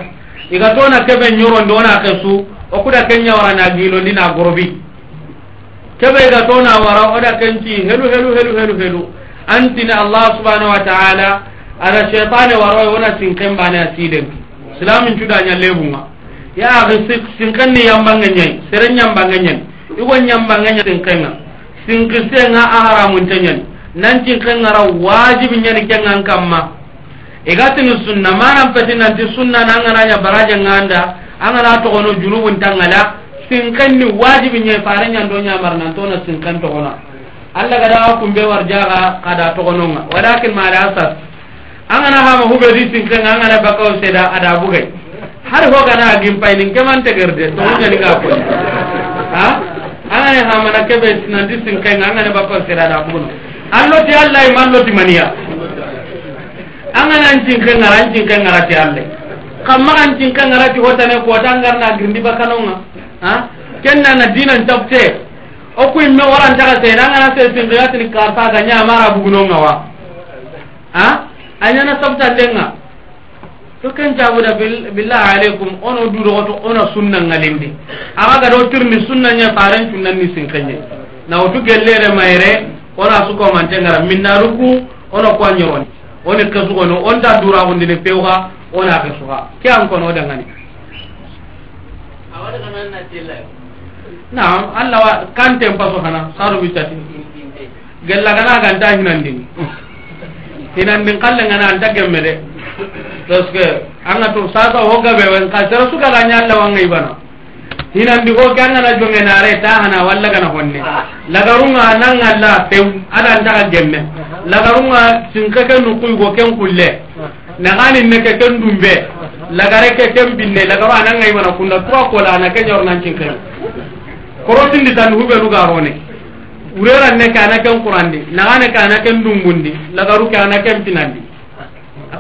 iga to na kebe nyoro ndo na ke su o kuda kenya wara na gilo ndina gorobi kebe iga to na wara o da kenchi helu helu helu helu helu, helu. antine allah subhanahu wa taala ara cheitane waroy wona sinken bane a sidenki silamin cuda ñallebunga yaaki sinken ni yambange ñayi sere ñambange ñani igo ñambange ña sinkenga sinkisenga aharamunte ñani nan cinkengara wajibe ñani kengan kamma igatini sunna manan peti nanti sunna na angananya baraje nganda angana togono junubuntangala sinken ni wajibe ñe fare ñando ñamar nantona sinken togona alla gada kumbe war jaga kada togononga walakin ma da asas angana ha mahube di sinken angana bakaw seda ada bugay har ho gana gimpai ning keman tegerde to nya ni ka ha angana ha mana kebe sinan di sinken angana bakaw seda ada bugun allo ti allah e manlo ti mania angana ncinken ngara ncinken ngara ti allah kamma kan cinkan ngara ti hotane ko dangar na gindi bakanonga ha kenna na dinan tabte o kuy me warantaxa seeda ngana sesimbegatini kartaga ñamara bugunonga wa a a ñana sabtandenga to ken caguda billah alaykum ono duɗoxoto ona sunnanga lindi axa gada o tirni sunnaña faren cunnanni sinkeñe na wotu gellere mayre ona sukomantengara minna ruku ono koañoroni oni kesugono onta duragundini pewxa ona kesuxa ke an kono o dangani naam allah wa kanten paso hana sarubicati gellaganaganta hinandin hinandin kallengana anta gemme de parce que anga to sasa ho gaɓewen ka sera sugagañi allah wangay bana hinandi ho ke angana jonge nare ta hana wallagana honne lagarunga nangalla tew adantaga gemme lagarunga sinke ke nukuygo ken kulle nagani neke ken dumbe lagareke ken binne lagaru anangay bana kunda tuwa kola ana ke ñornancinkeni korotindi tan huɓenu garone wureran ne ke anaken qurandi nagane ke anaken dungundi lagaru ke anaken pinandi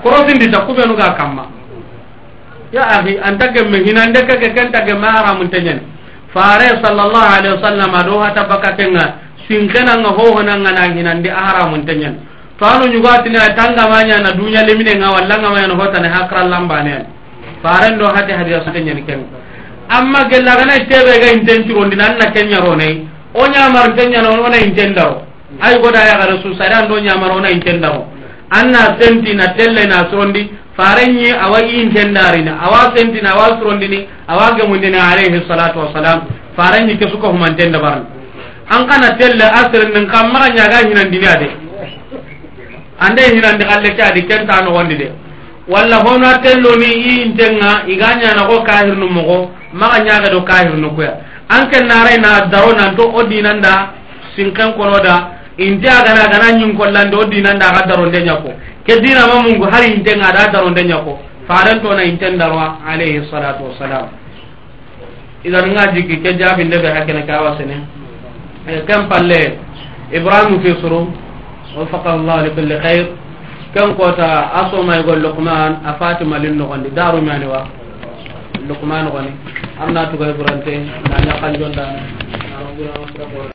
korotindi ta kuɓenu ga kamma ya ahi anta gemme hinande keke kenta gemme haramunteñani fare sallallahu alaihi wasallam ado hata baka kenga sinkenanga howhonanga na hinandi a haramunteñani to anu ñugatina tangamañana duñalimine nga wallangamayano hotane hakral lambaneani faren do hate hadiyasuteñani kenga amma gella gana tebe ga intenti tiro dinan na kenya ronai o nya mar kenya no wona intenda o ay goda ya gara su sada ndo nya mar ona intenda o anna senti na telle na srondi farenye awai inten darina awa senti na awa srondi ni awa ga mundina alayhi salatu wassalam farenye ke suko humanten intenda bar an kana telle asirin nin kan nya ga hinan dinade de ande hinan de kalle ta di kenta no wandi de walla hono artelloni i intenga iga ñanako kahirnu mogo maga ñagedo kahirnu koya anken naray na daro nanto o dinanda sinken konoda inte agana gana ñinkollande o dinanda aga daronde ñako ke dinama mungu har intenga ada daronde ñako farentona inten darwa alayhi salatu wasalam idan nga jiki ke jabindeɓe hakkene kawasene eh, ken palle ibrahima fi suru wafaqa llah li kulli xayre ken kota a somay go luqman a fatima lin nogondi darumani wa luqman goni amna tugay burante na ñakan jonda